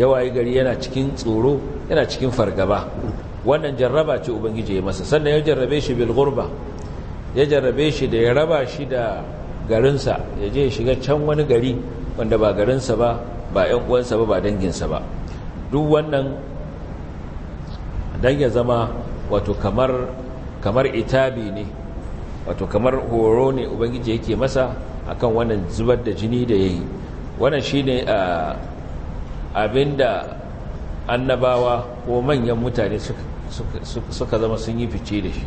yawa yi gari yana cikin tsoro yana cikin fargaba wannan jarraba ce ubangiji ya masa sannan ya jarrabe shi bil gurba ya jarrabe shi da ya raba shi da garinsa ya je shiga can wani gari wanda ba garinsa ba ba 'yan uwansa ba ba danginsa ba duk wannan dan ya zama wato kamar kamar itabi ne wato kamar horo ne ubangiji yake masa akan wannan zubar da jini da yayi wannan shine abinda annabawa ko manyan mutane suka zama sun yi fice da shi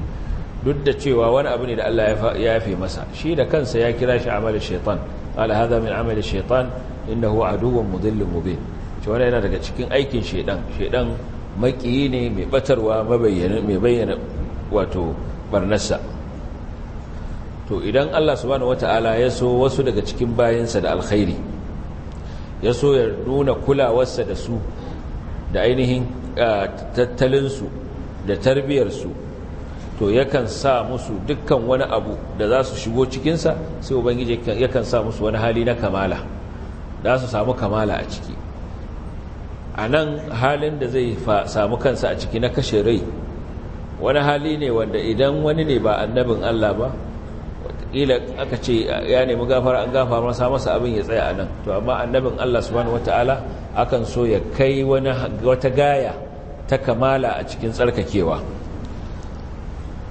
duk da cewa wani abu ne da Allah ya yafe masa shi da kansa ya kira shi amalin shaitan ala hadha min amali shaitan innahu aduwwun mudhillun mubin to wannan yana daga cikin aikin shaitan shaitan makiyi ne mai batarwa mabayyana mai bayyana wato barnarsa to idan Allah subhanahu wataala ya so wasu daga cikin bayansa da alkhairi ya so ya nuna kulawarsa da su da ainihin ah, tattalinsu da tarbiyarsu to yakan sa musu dukkan wani abu da za su shigo cikinsa sai ubangiji yakan sa musu wani hali na kamala za su samu kamala a ciki a nan halin da zai samu kansa a ciki na kashe rai wani hali ne wanda idan wani ne ba annabin Allah ba watakila aka ce ya nemi gafara an gafa masa masa abin ya tsaya a nan to amma annabin Allah subhanahu wataala akan so ya kai wata gaya ta kamala a cikin tsarkakewa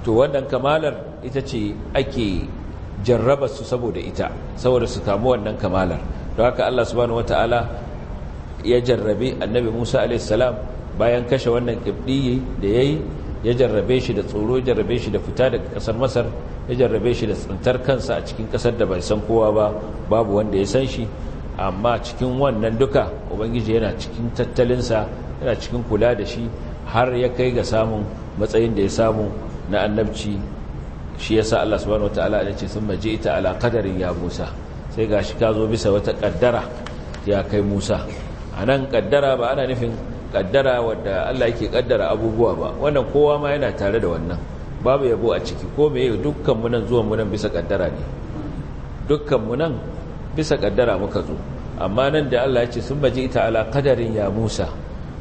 to wannan kamalar ita ce ake jarraba su saboda ita saboda su kamu wannan kamalar don haka Allah subhanahu wataala ya jarrabe annabi Musa alaihi salam bayan kashe wannan kibdi da yayi ya jarrabe shi da tsoro jarrabe shi da fita daga kasar Masar ya jarrabe shi da tsantar kansa a cikin kasar da bai san kowa ba babu wanda ya san shi amma cikin wannan duka ubangiji yana cikin tattalinsa yana cikin kula da shi har ya kai ga samun matsayin da ya samu na annabci shi sa Allah subhanahu ta'ala ya ce sun maji ita ala qadarin ya Musa sai gashi ka zo bisa wata kaddara ya kai Musa A nan ƙaddara ba ana nufin ƙaddara wadda Allah yake kaddara abubuwa ba wannan kowa ma yana tare da wannan babu yabo a ciki ko me dukkan munan nan zuwan bisa ƙaddara ne dukkan munan bisa kaddara muka zo amma nan da Allah ya ce maji ita ala qadarin ya Musa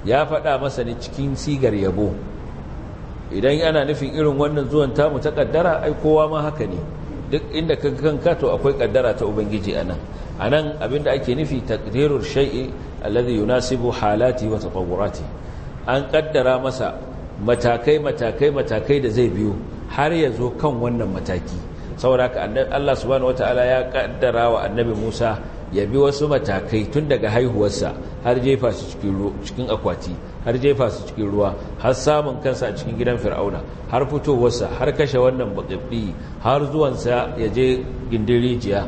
ya faɗa masa ne cikin sigar yabo idan yana nufin irin wannan zuwan tamu ta kaddara ai kowa ma haka ne duk inda ka kanka to akwai kaddara ta ubangiji anan anan abinda ake nufi taqdirur shay'i alladhi yunasibu halati wa tatawurati an kaddara masa matakai matakai matakai da zai biyo har ya zo kan wannan mataki saboda haka Allah subhanahu wataala ya kaddara wa annabi Musa ya bi wasu matakai tun daga haihuwarsa har jefa su cikin akwati har jefa su cikin ruwa har samun kansa a cikin gidan fir'auna har fitowarsa har kashe wannan bakabbi har zuwansa ya je gindin rijiya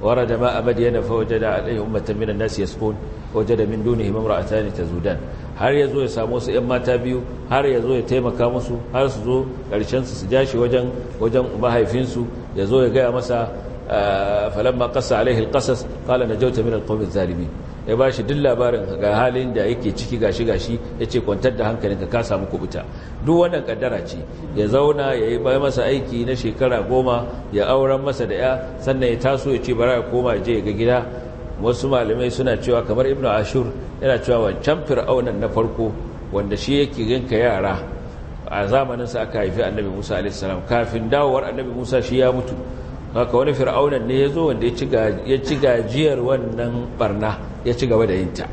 wara da ma abadi yana fa waje da alaihi ummatan minan nas yaskun waje da min dunihi mamra'atan tazudan har ya zo ya samu su yan mata biyu har ya zo ya taimaka musu har su zo karshen su su jashi wajen wajen mahaifinsu ya zo ya gaya masa falamma qassa alaihi alqasas qala najawta min alqawmi adh ya bashi duk labarin ga halin da yake ciki gashi gashi yace kwantar da hankalinka ka samu kubuta duk wannan kaddara ce ya zauna yayi yi bai masa aiki na shekara goma ya auren masa da ya sannan ya taso ya ce bara ya koma je ga gida wasu malamai suna cewa kamar ibnu ashur yana cewa wancan fir'aunan na farko wanda shi yake yanka yara a zamaninsa aka haifi annabi musa salam kafin dawowar annabi musa shi ya mutu haka wani fir'aunan ne ya zo wanda ya ci gajiyar wannan barna ya ci gaba da yinta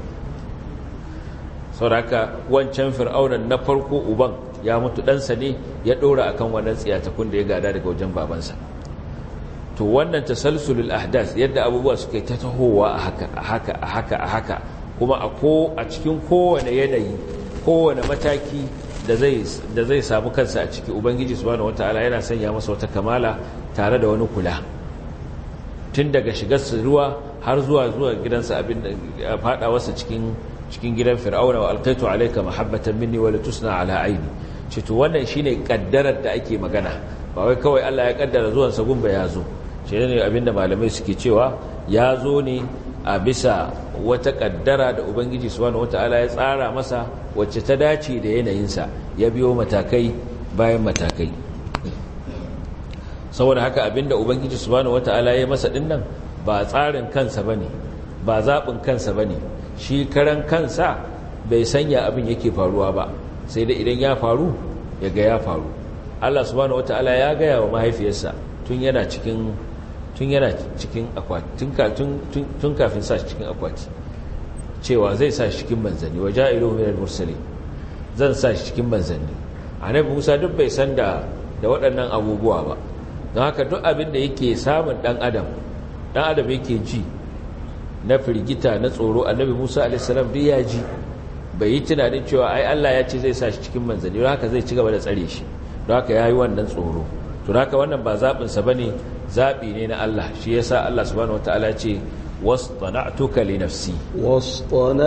sauraka wancan fir'aunan na farko uban ya mutu ɗansa ne ya ɗora a kan wannan tsiyatakun da ya gada daga wajen babansa to wannan tasalsulul ahdas yadda abubuwa suka ta tahowa a haka a haka a haka a haka kuma a cikin kowane yanayi kowane mataki da zai samu kansa a ciki ubangiji su wata wata'ala yana sanya masa wata kamala tare da wani kula tun daga shigar ruwa har zuwa zuwa gidansa abin da fada wasu cikin gidan fir'auna wa alqaitu alaika mahabbatan mini wani tusna ala aini ce to wannan ne kaddarar da ake magana ba wai kawai Allah ya kaddara zuwan sa gumba ya zo shi ne da malamai suke cewa ya zo ne a bisa wata kaddara da ubangiji subhanahu wata'ala ya tsara masa wacce ta dace da yanayinsa ya biyo matakai bayan matakai saboda haka abinda ubangiji subhanahu wata'ala ya masa dinnan ba tsarin kansa ba ne, ba zaɓin kansa ba ne, shi karan kansa bai sanya abin yake faruwa ba sai dai idan ya faru ya ga ya faru Allah subhanahu wata'ala ya gaya wa mahaifiyarsa tun yana cikin tun yana cikin akwati tun kafin sa cikin akwati cewa zai sa shi cikin manzanni wa ilo min al zan sa shi cikin manzanni nan Musa duk bai san da waɗannan abubuwa ba don haka duk abin da yake samun ɗan adam ɗan adam yake ji na firgita na tsoro annabi Musa alisalam duk ya ji bai yi tunanin cewa ai Allah ya ce zai sa shi cikin manzanni don haka zai ci gaba da tsare shi don haka ya yi wannan tsoro tunaka wannan ba zaɓinsa ba ne zaɓi ne na Allah shi ya sa Allah subhanahu wa ta'ala ce wasu li nafsi wasu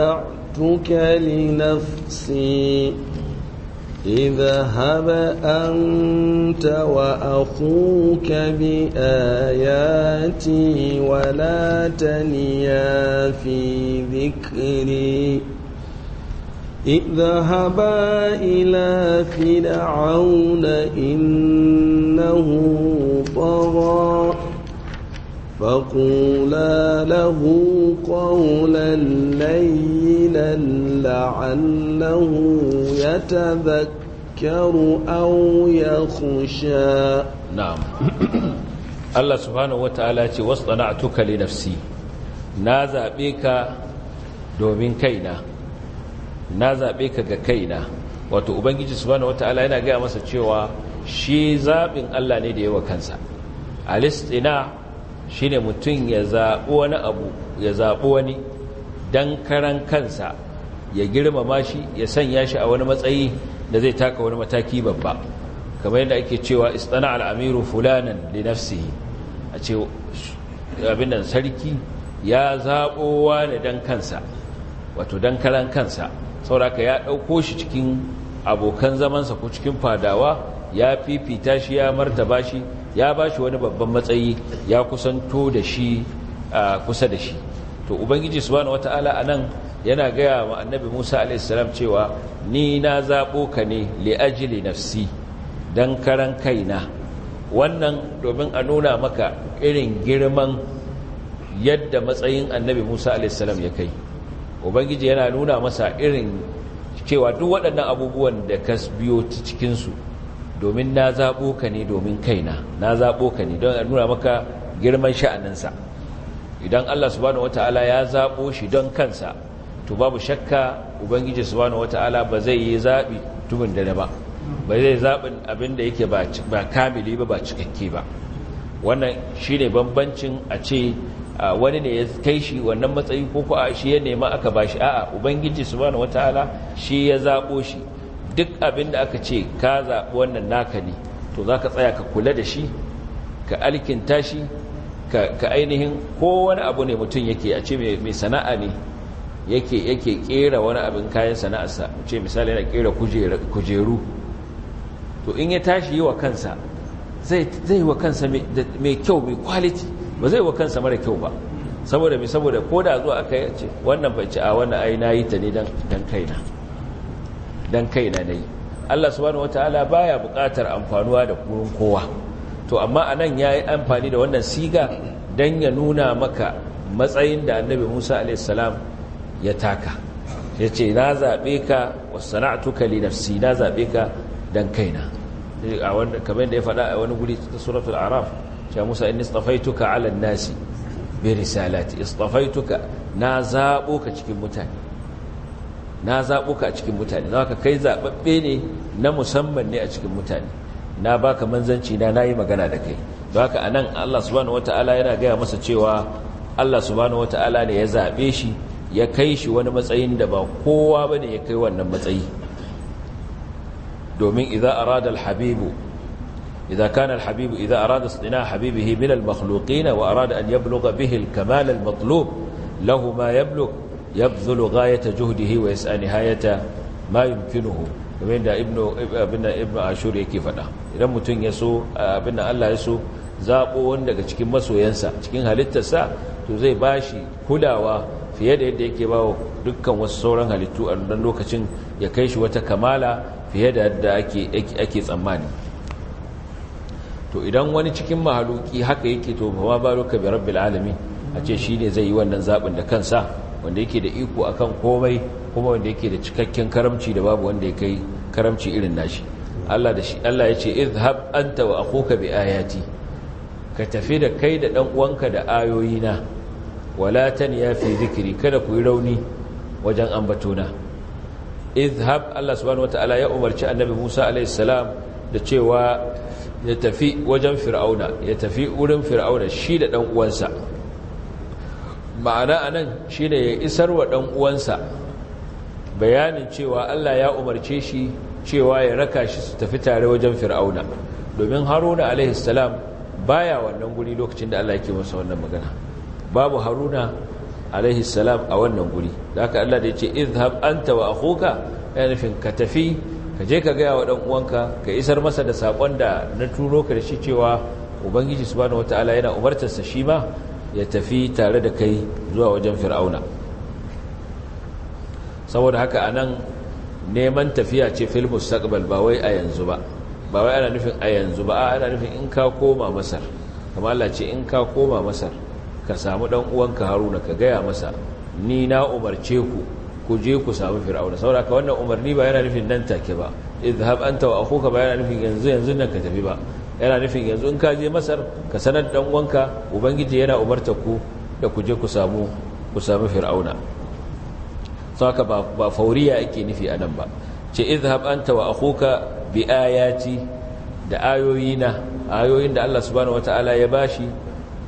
li nafsi idha haba anta wa akhuka bi ayati wa la taniya fi dhikri اذهبا إلى فرعون إنه طغى فقولا له قولا لينا لعله يتذكر أو يخشى نعم الله سبحانه وتعالى واصطنعتك لنفسي na zaɓe ka domin kaina na zaɓe ka ga na, wato ubangiji subhanahu wataala yana gaya masa cewa shi zaɓin Allah ne da yawa kansa alistina ne mutum ya zaɓi wani abu ya zaɓi wani don karan kansa ya girmama shi ya sanya shi a wani matsayi da zai taka wani mataki babba kamar yadda ake cewa istana al'amiru fulanan da nafsi a ce abin nan sarki ya zaɓo wani don kansa wato dan karan kansa sauraka ya ɗauko shi cikin abokan zamansa ko cikin fadawa ya fifita shi ya martaba shi ya ba shi wani babban matsayi ya kusanto da shi a kusa da shi to ubangiji bani wata'ala a nan yana gaya wa annabi musa alaihissalam cewa ni na zaɓo ka ne li'ajili nafsi don karan kaina wannan domin a nuna maka irin girman yadda matsayin annabi musa alaihissalam ya kai ubangiji yana nuna masa irin cewa duk waɗannan abubuwan da ka biyo cikinsu domin na zaɓo ka ne domin kaina na zaɓo ka ne don a nuna maka girman sha'aninsa idan allah subhanahu wata'ala ya zaɓo shi don kansa to babu shakka ubangiji subhanahu wata'ala ba zai yi zaɓi tubin da ba ba zai zaɓin abin da yake ba kamili ba ba cikakke ba wannan shi ne bambancin a ce wani ne ya kai shi wannan matsayi ko ko shi ya nema aka ba shi a'a ubangiji subhanahu wataala shi ya zabo shi duk abin da aka ce ka zabi wannan naka ne to zaka tsaya ka kula da shi ka alkinta shi ka ainihin ko wani abu ne mutum yake a ce mai sana'a ne yake yake kera wani abin kayan sana'arsa ce misali yana kera kujeru to in ya tashi yi wa kansa zai yi wa kansa mai kyau mai quality ba zai wa kansa mara kyau ba saboda mai saboda ko da zuwa aka yi ce wannan bacci a wannan ai na yi ta ne don kaina don kaina na ne. allah subhanahu ala baya bukatar amfanuwa da kurin kowa to amma a nan ya yi amfani da wannan siga don ya nuna maka matsayin da annabi musa a.s. ya taka ya ce na zaɓe ka wasana'atuka li nafsi na zaɓe ka don kaina eh, kamar da ya faɗa a wani guri ta suratul araf ya musa inni istafaituka ala nasi bi risalati istafaituka na zabo ka cikin mutane na zabo ka cikin mutane zaka kai zababbe ne na musamman ne a cikin mutane na baka manzanci na nayi magana da kai zaka anan Allah subhanahu wataala yana gaya masa cewa Allah subhanahu wataala ne ya zabe shi ya kai shi wani matsayin da ba kowa bane ya kai wannan matsayi domin idza arada al-habibu إذا كان الحبيب إذا أراد اصطناع حبيبه من المخلوقين وأراد أن يبلغ به الكمال المطلوب له ما يبلغ يبذل غاية جهده ويسعى نهاية ما يمكنه kamar da ibn ashur yake faɗa idan mutum ya so abin da Allah ya so zaɓo wani daga cikin masoyansa cikin sa to zai ba shi kulawa fiye da yadda yake ba dukkan wasu sauran halittu a lokacin ya kai shi wata kamala fiye da yadda ake tsammani to idan wani cikin mahaluki haka yake to ba ba ka bi rabbil alamin a ce shine zai yi wannan zabin da kansa wanda yake da iko akan komai kuma wanda yake da cikakken karamci da babu wanda ya kai karamci irin nashi Allah da shi Allah ya ce izhab anta wa akhuka bi ayati ka tafi da kai da dan uwanka da na wala ya fi zikiri kada ku yi rauni wajen ambatona izhab Allah subhanahu wataala ya umarci annabi Musa a.s. da cewa ya tafi wajen fir'auna ya tafi wurin fir'auna shi da ɗan uwansa ma'ana anan shi ne ya isar wa ɗan uwansa bayanin cewa Allah ya umarce shi cewa ya raka shi su tafi tare wajen fir'auna domin haruna alaihissalam baya wannan guri lokacin da Allah ke masa wannan magana babu haruna alaihissalam a wannan guri da haka Allah da ya ce izhab anta wa akhuka ya nufin ka tafi ka je ka gaya wa ɗan uwanka ka isar masa da saƙon da na turo ka da shi cewa ubangiji subhanahu wataala yana umartarsa shi ma ya tafi tare da kai zuwa wajen fir'auna saboda haka a nan neman tafiya ce fil sakbal ba wai a yanzu ba ba wai ana nufin a yanzu ba ana nufin in ka koma masar kamar Allah ce in ka koma masar ka samu ɗan uwanka haruna ka gaya masa ni na umarce ku ku je ku samu fir'auna saboda ka wannan umarni ba yana nufin nan take ba idhab anta wa akhuka ba yana nufin yanzu yanzu nan ka tafi ba yana nufin yanzu in ka je masar ka sanar dan uwanka ubangiji yana umarta ku da ku je ku samu ku samu fir'auna saka ba ba fauriya ake nufi anan ba ce idhab anta wa akhuka bi ayati da ayoyina ayoyin da Allah subhanahu wataala ya bashi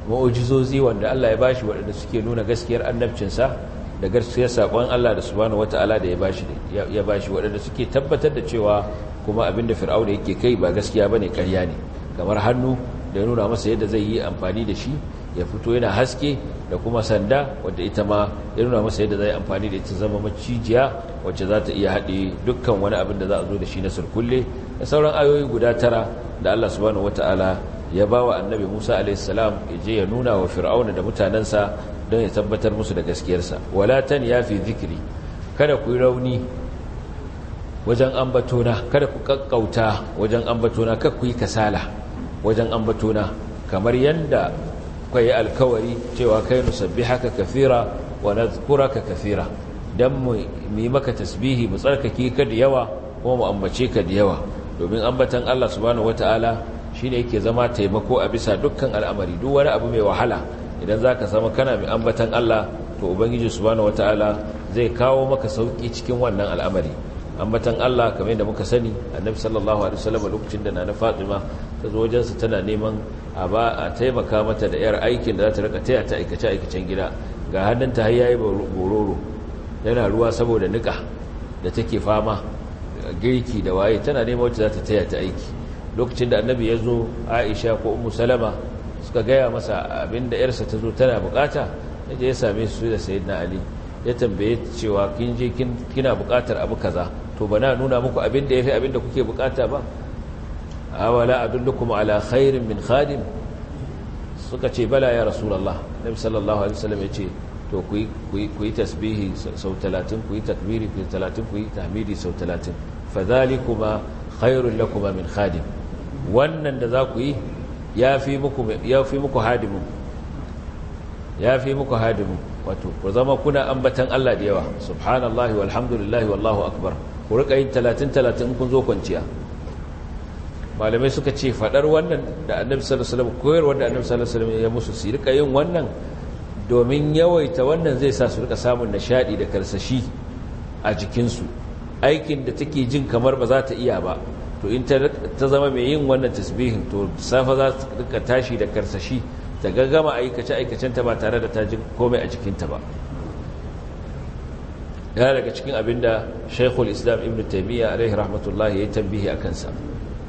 mu'ujizozi wanda Allah ya bashi waɗanda suke nuna gaskiyar annabcinsa da gaskiya sakon Allah da subhanahu wataala da ya bashi ya waɗanda suke tabbatar da cewa kuma abinda fir'auna yake kai ba gaskiya bane karya ne kamar hannu da nuna masa yadda zai yi amfani da shi ya fito yana haske da kuma sanda wadda ita ma ya nuna masa yadda zai amfani da ita zama macijiya wacce za ta iya haɗe dukkan wani abin da za a zo da shi na surkulle da sauran ayoyi guda tara da Allah subhanahu wata'ala ya ba wa annabi Musa salam ya je ya nuna wa fir'auna da mutanensa don ya tabbatar musu da gaskiyarsa wala ya fi zikiri kada ku rauni wajen ambatona kada ku kakkauta wajen ambatona kada ku yi kasala wajen ambatona kamar yadda yi alkawari cewa kai haka kafira wa ka kafira don mu yi maka tasbihi mu tsarkake ka da yawa kuma mu ambace ka da yawa domin ambatan Allah subhanahu wataala shine yake zama taimako a bisa dukkan al'amari duk wani abu mai wahala idan za ka samu kana mai ambatan Allah to ubangiji subhanahu wataala zai kawo maka sauki cikin wannan al'amari ambatan Allah kamar yadda muka sani annabi sallallahu alaihi wasallam lokacin da nana Fatima ta zo wajen sa tana neman a ba a taimaka mata da yar aikin da za ta rika taya ta aikace aikacen gida ga ta har yi bororo yana ruwa saboda nika da take fama girki da waye tana neman wacce za ta taya ta aiki lokacin da annabi ya zo Aisha ko Ummu Salama suka gaya masa abinda yarsa ta zo tana bukata yaje ya same su da sayidina ali ya tambaye cewa kin je kina bukatar abu kaza to bana nuna muku abinda yafi abinda kuke bukata ba awala adullukum ala khairin min khadim suka ce bala ya rasulullah nabi sallallahu alaihi wasallam yace to ku yi tasbihi sau talatin ku yi takbiri ku yi talatin ku yi tahmidi sau talatin fadhalikuma khairun lakuma min khadim wannan da za ku yi ya fi muku ya fi ya fi muku hadimin wato ku zama kuna ambatan Allah da yawa subhanallahi walhamdulillahi wallahu akbar ku rika yin 30 30 in kun zo kwanciya malamai suka ce fadar wannan da annabi sallallahu alaihi wasallam koyarwar da annabi sallallahu alaihi wasallam ya musu su rika yin wannan domin yawaita wannan zai sa su rika samun nishadi da karsashi a jikinsu aikin da take jin kamar ba za ta iya ba to in ta zama mai yin wannan tasbihin to safa za ta rika tashi da karsashi ta gaggama aikace aikacenta ba tare da ta ji komai a jikinta ba ya daga cikin abin da shaikhul islam ibn taimiyya alaihi rahmatullahi ya tambihi a kansa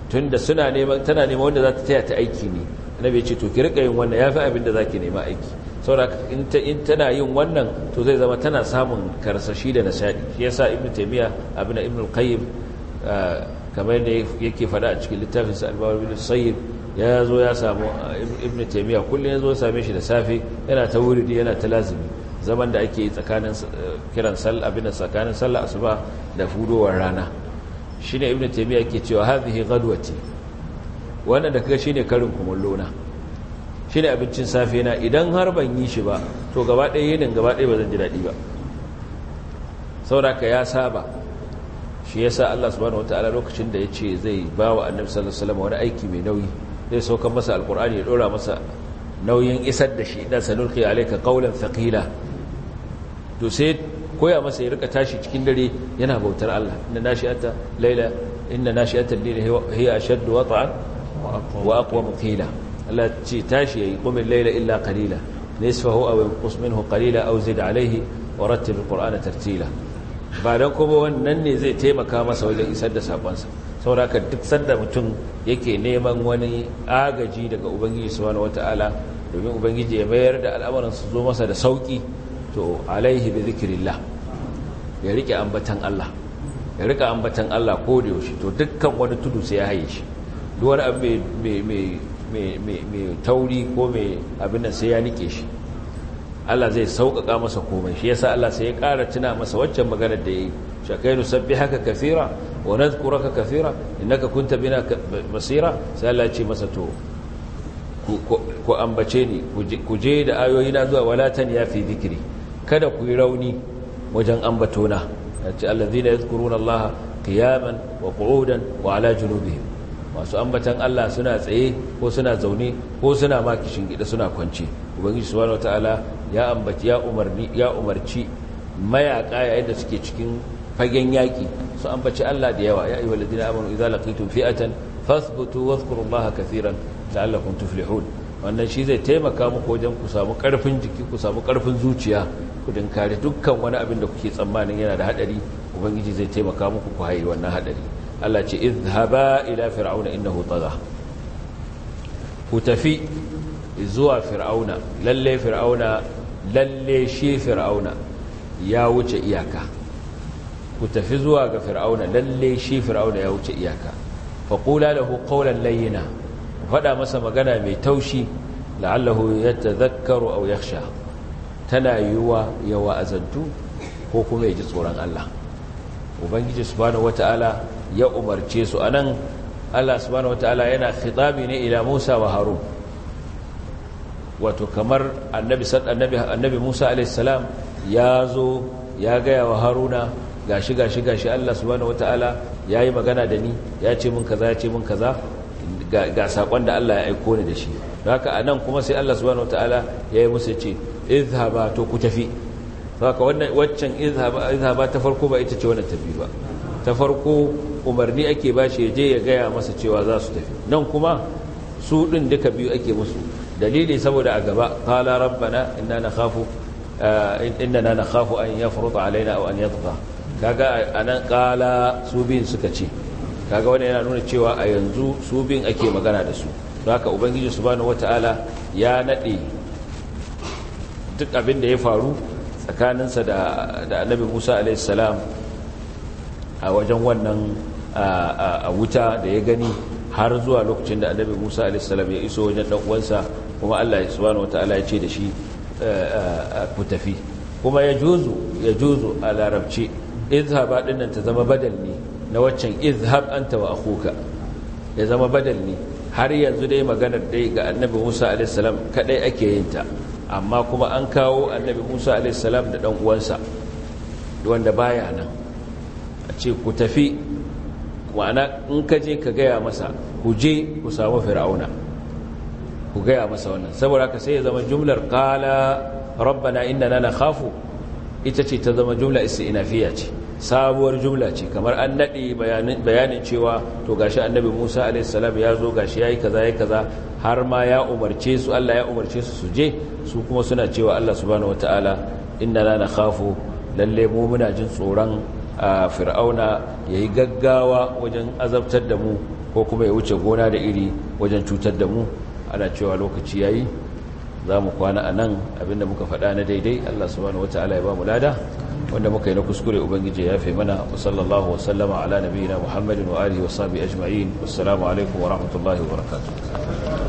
tun da suna neman tana neman wanda za ta taya ta aiki ne annabi ya ce to ki rika yin wannan ya fi abin da za ki nema aiki saboda in tana yin wannan to zai zama tana samun karsashi da nasaɗi shi yasa ibn taimiyya abin da ibn qayyim ah, kamar da yake faɗa a cikin littafin sa albawar bin sayyid ya zo ya samu eh, ibn taymiya kullum ya zo ya same shi da safe yana ta wuridi yana ta lazimi zaman da ake yi tsakanin eh, kiran sallah abin da tsakanin sallah asuba da fudowar rana shine ibn taymiya ke cewa hadhihi ghadwati wannan da kaga shine karin kumallona. na ne abincin safe na idan har ban yi shi ba to gaba ɗaya yinin gaba ɗaya ba zan ji daɗi ba saboda ka ya saba shi yasa Allah subhanahu wataala lokacin da ya ce zai bawa annabi sallallahu alaihi wasallam wani aiki mai nauyi zai sauka masa alkurani ya dora masa nauyin isar da shi dan sanulqi alayka qawlan thaqila to sai koya masa ya rika tashi cikin dare yana bautar Allah inna nashi'ata layla inna nashi'ata al-layli hiya ashadd wat'an wa aqwa qila Allah ce tashi yayi qumil layla illa qalila nisfahu aw inqus minhu qalila aw zid alayhi wa rattil al tartila ba don kuma wannan ne zai taimaka masa wajen isar da sakonsa sauraka duk sanda mutum yake neman wani agaji daga ubangiji subhanahu wata'ala domin ubangiji ya mayar da al'amuran su zo masa da sauki to alaihi bi zikirillah ya rike ambatan Allah ya rike ambatan Allah ko da yaushe to dukkan wani tudu sai ya haye shi duk wani abu mai tauri ko mai abin da sai ya nike shi Allah zai sauƙaƙa masa komai shi yasa Allah sai ya ƙara tuna masa waccan maganar da yayi shakainu nusabbi haka kafira wa nadhkuraka kathira innaka kunta bina basira sai Allah ya ce masa to ku ambace ni ku je da ayoyi na zuwa walatan ya fi zikiri kada ku yi rauni wajen ambatona yace allazina yadhkuruna Allah qiyaman wa qu'udan wa ala junubihim masu ambatan Allah suna tsaye ko suna zaune ko suna ma gida suna kwance ubangiji subhanahu wataala ya ambaci ya ya umarci mayaka yayin da suke cikin fagen yaki su ambaci Allah da yawa ya ayyuhal ladina amanu idza laqitum fi'atan fasbutu wadhkurullaha kaseeran la'allakum tuflihun wannan shi zai taimaka muku wajen ku samu karfin jiki ku samu karfin zuciya ku dinkare dukkan wani abin da kuke tsammanin yana da hadari ubangiji zai taimaka muku ku haye wannan hadari Allah ce izhaba ila fir'auna innahu tagha ku tafi zuwa fir'auna lalle fir'auna lalle shi fir'auna ya wuce iyaka ku tafi zuwa ga fir'auna lalle shi fir'auna ya wuce iyaka faƙula da hukaunan layina faɗa masa magana mai taushi la'allahu ya zakaru au yaksha tana yiwuwa a zantu ko kuma ya ji tsoron Allah ubangiji subhanahu ta'ala ya umarce su anan Allah subhanahu ta'ala yana khitabi ne ila Musa wa Harun wato kamar annabi annabi Musa alayhis salam ya zo ya gaya wa Haruna gashi gashi gashi Allah subhanahu wataala yayi magana da ni ya ce min kaza ya ce min kaza ga sakon da Allah ya aiko ni da shi haka anan kuma sai Allah subhanahu wataala yayi musu ce izhaba to ku tafi haka wannan waccan izhaba izhaba ta farko ba ita ce wannan tafi ba ta farko umarni ake ba shi ya je ya gaya masa cewa za su tafi nan kuma su din duka biyu ake musu dalili saboda a gaba qala rabbana inna nakhafu eh, inna nakhafu an ba alaina aw an yatgha kaga anan qala su bin suka ce kaga wannan yana nuna cewa a yanzu su bin ake magana da su haka ubangiji su subhanahu wataala ya nade duk abin da ya faru tsakaninsa da da annabi Musa alaihi a wajen wannan a wuta da ya gani har zuwa lokacin da annabi Musa alaihi ya iso wajen dan uwansa kuma Allah subhanahu wataala ya ce da shi eh, eh, eh, ku tafi kuma ya juzu ya juzu a larabci izhaba dinnan ta zama badal ne na waccan izhab anta wa akhuka ya zama badal ne har yanzu dai maganar dai ga annabi Musa alaihi salam kadai ake yin ta amma kuma an kawo annabi Musa alaihi salam da dan uwansa wanda baya nan a ce ku tafi ma'ana in ka je ka gaya masa ku je ku samu fir'auna ku gaya masa wannan saboda haka sai ya zama jumlar qala rabbana na khafu ita ce ta zama jumla isti'nafiya ce sabuwar jumla ce kamar an nade bayanin cewa to gashi annabi Musa alaihi salam ya zo gashi yayi kaza yayi kaza har ma ya umarce su Allah ya umarce su su je su kuma suna cewa Allah subhanahu wataala la nakhafu lalle mu muna jin tsoron fir'auna ya gaggawa wajen azabtar da mu ko kuma ya wuce gona da iri wajen cutar da mu ana cewa lokaci yayi za mu kwana a nan abinda muka faɗa na daidai Allah subhanahu wata'ala ya ba mu lada wanda muka yi na kuskure ubangiji ya fi mana wa sallallahu wa sallama ala nabiyina muhammadin wa alihi wa sahbihi ajma'in wassalamu alaikum wa rahmatullahi wa barakatuh